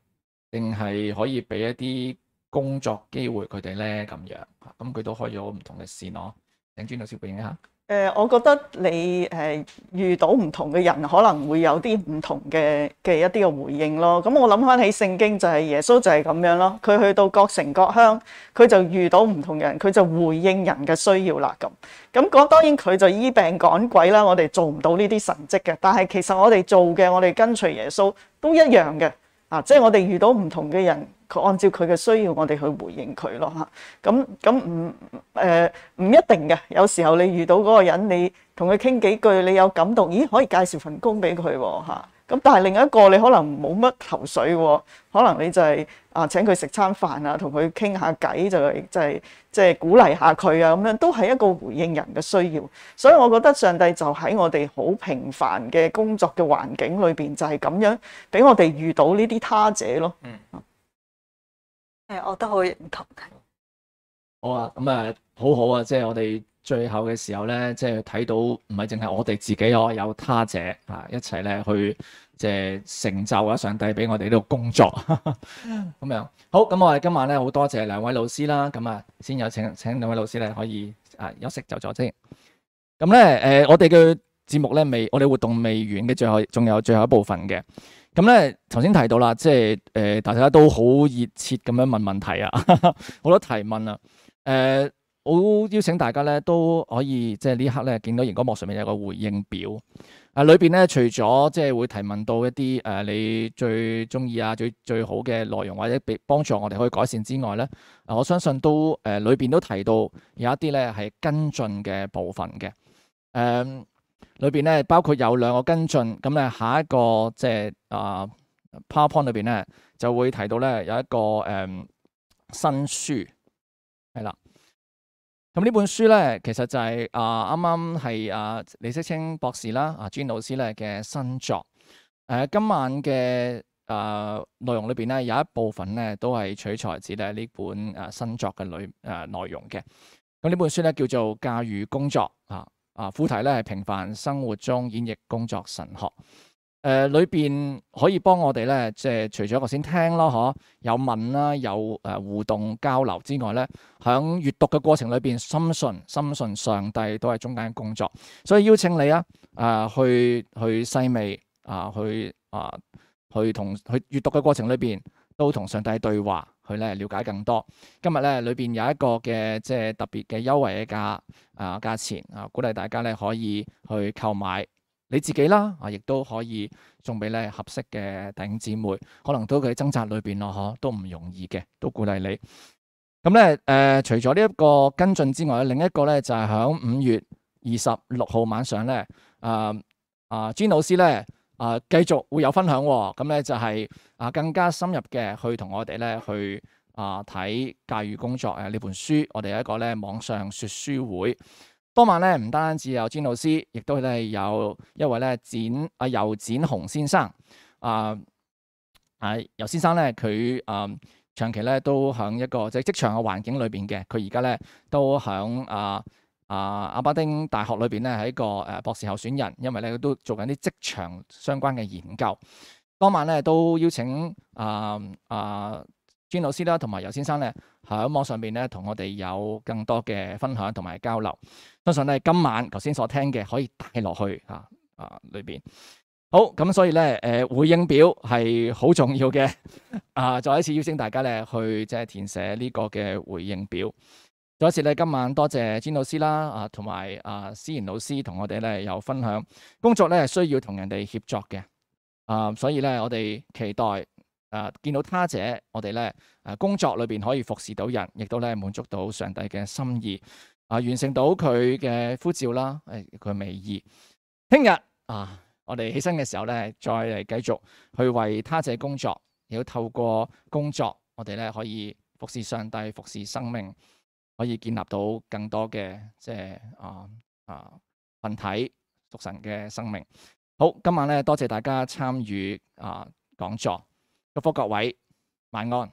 定係可以俾一啲工作機會佢哋咧？咁樣，咁，嗯，佢都開咗唔同嘅線咯。請轉到小貝影一下。誒、呃，我覺得你誒、呃、遇到唔同嘅人，可能會有啲唔同嘅嘅一啲嘅回應咯。咁、嗯、我諗翻起聖經就係耶穌就係咁樣咯，佢去到各城各鄉，佢就遇到唔同人，佢就回應人嘅需要啦。咁咁嗰當然佢就醫病趕鬼啦，我哋做唔到呢啲神蹟嘅。但係其實我哋做嘅，我哋跟隨耶穌都一樣嘅。啊，即係我哋遇到唔同嘅人。佢按照佢嘅需要，我哋去回應佢咯吓，咁咁唔誒唔一定嘅。有時候你遇到嗰個人，你同佢傾幾句，你有感動，咦可以介紹份工俾佢喎嚇。咁但係另一個，你可能冇乜頭緒喎，可能你就係啊請佢食餐飯啊，同佢傾下偈就係就係即係鼓勵下佢啊咁樣都係一個回應人嘅需要。所以我覺得上帝就喺我哋好平凡嘅工作嘅環境裏邊就係咁樣俾我哋遇到呢啲他者咯。嗯。係，我都好認同嘅。好啊，咁、嗯、啊，好好啊，即係我哋最後嘅時候咧，即係睇到唔係淨係我哋自己哦，有他者啊，一齊咧去即係成就啊，上帝俾我哋呢度工作咁樣。好，咁我哋今晚咧好多謝兩位老師啦，咁啊，先有請請兩位老師咧可以啊休息就坐先。咁咧，誒、呃，我哋嘅。節目咧未，我哋活動未完嘅，最後仲有最後一部分嘅。咁咧，頭先提到啦，即係誒、呃，大家都好熱切咁樣問問題啊，好多提問啊。誒、呃，好邀請大家咧都可以，即係呢刻咧見到熒光幕上面有個回應表。啊、呃，裏邊咧除咗即係會提問到一啲誒、呃、你最中意啊、最最好嘅內容，或者俾幫助我哋可以改善之外咧、呃，我相信都誒裏邊都提到有一啲咧係跟進嘅部分嘅。誒、呃。裏邊咧包括有兩個跟進，咁咧下一個即係啊 PowerPoint 裏邊咧就會提到咧有一個誒、嗯、新書係啦，咁呢本書咧其實就係啊啱啱係啊李適清博士啦啊朱燕老師咧嘅新作，誒、呃、今晚嘅誒、呃、內容裏邊咧有一部分咧都係取材自咧呢本誒新作嘅裏誒內容嘅，咁呢本書咧叫做駕馭工作啊，副題咧係平凡生活中演繹工作神學，誒、呃，裏邊可以幫我哋咧，即係除咗頭先聽咯，嗬，有問啦，有誒互動交流之外咧，響閱讀嘅過程裏邊，深信深信上帝都係中間工作，所以邀請你啊，誒、呃，去去細味，啊，去啊，去同去閱讀嘅過程裏邊，都同上帝對話。去咧了解更多，今日咧裏邊有一個嘅即係特別嘅優惠嘅價啊價錢啊，鼓勵大家咧可以去購買，你自己啦啊，亦都可以送俾咧合適嘅弟兄姊妹，可能都佢喺掙扎裏邊咯嗬，都唔容易嘅，都鼓勵你。咁咧誒，除咗呢一個跟進之外，另一個咧就係響五月二十六號晚上咧，誒啊 j 老師咧。啊啊，繼續會有分享，哦，咁咧就係啊，更加深入嘅去同我哋咧去啊睇駕馭工作誒呢本書，我哋有一個咧網上説書會。當晚咧唔單止有詹老師，亦都係有一位咧展啊遊展雄先生啊啊遊先生咧，佢啊長期咧都響一個即係、就是、職場嘅環境裏邊嘅，佢而家咧都響啊。啊，阿巴丁大學裏邊咧，係一個誒博士候選人，因為咧佢都做緊啲職場相關嘅研究。當晚咧都邀請啊啊、呃呃、專老師啦，同埋尤先生咧喺網上邊咧同我哋有更多嘅分享同埋交流。相信咧今晚頭先所聽嘅可以帶落去啊啊裏邊。好，咁所以咧誒、呃、回應表係好重要嘅。啊，再一次邀請大家咧去即係、呃、填寫呢個嘅回應表。再一次咧，今晚多謝詹老師啦，啊，同埋啊思言老師同我哋咧有分享工作咧係需要同人哋協作嘅，啊，所以咧我哋期待啊見到他者，我哋咧啊工作裏邊可以服侍到人，亦都咧滿足到上帝嘅心意，啊，完成到佢嘅呼召啦，誒、哎，佢嘅美意。聽日啊，我哋起身嘅時候咧，再嚟繼續去為他者工作，亦都透過工作，我哋咧可以服侍上帝，服侍生命。可以建立到更多嘅，即係啊，啊群體屬神嘅生命。好，今晚呢，多謝大家參與啊講座，祝福各位晚安。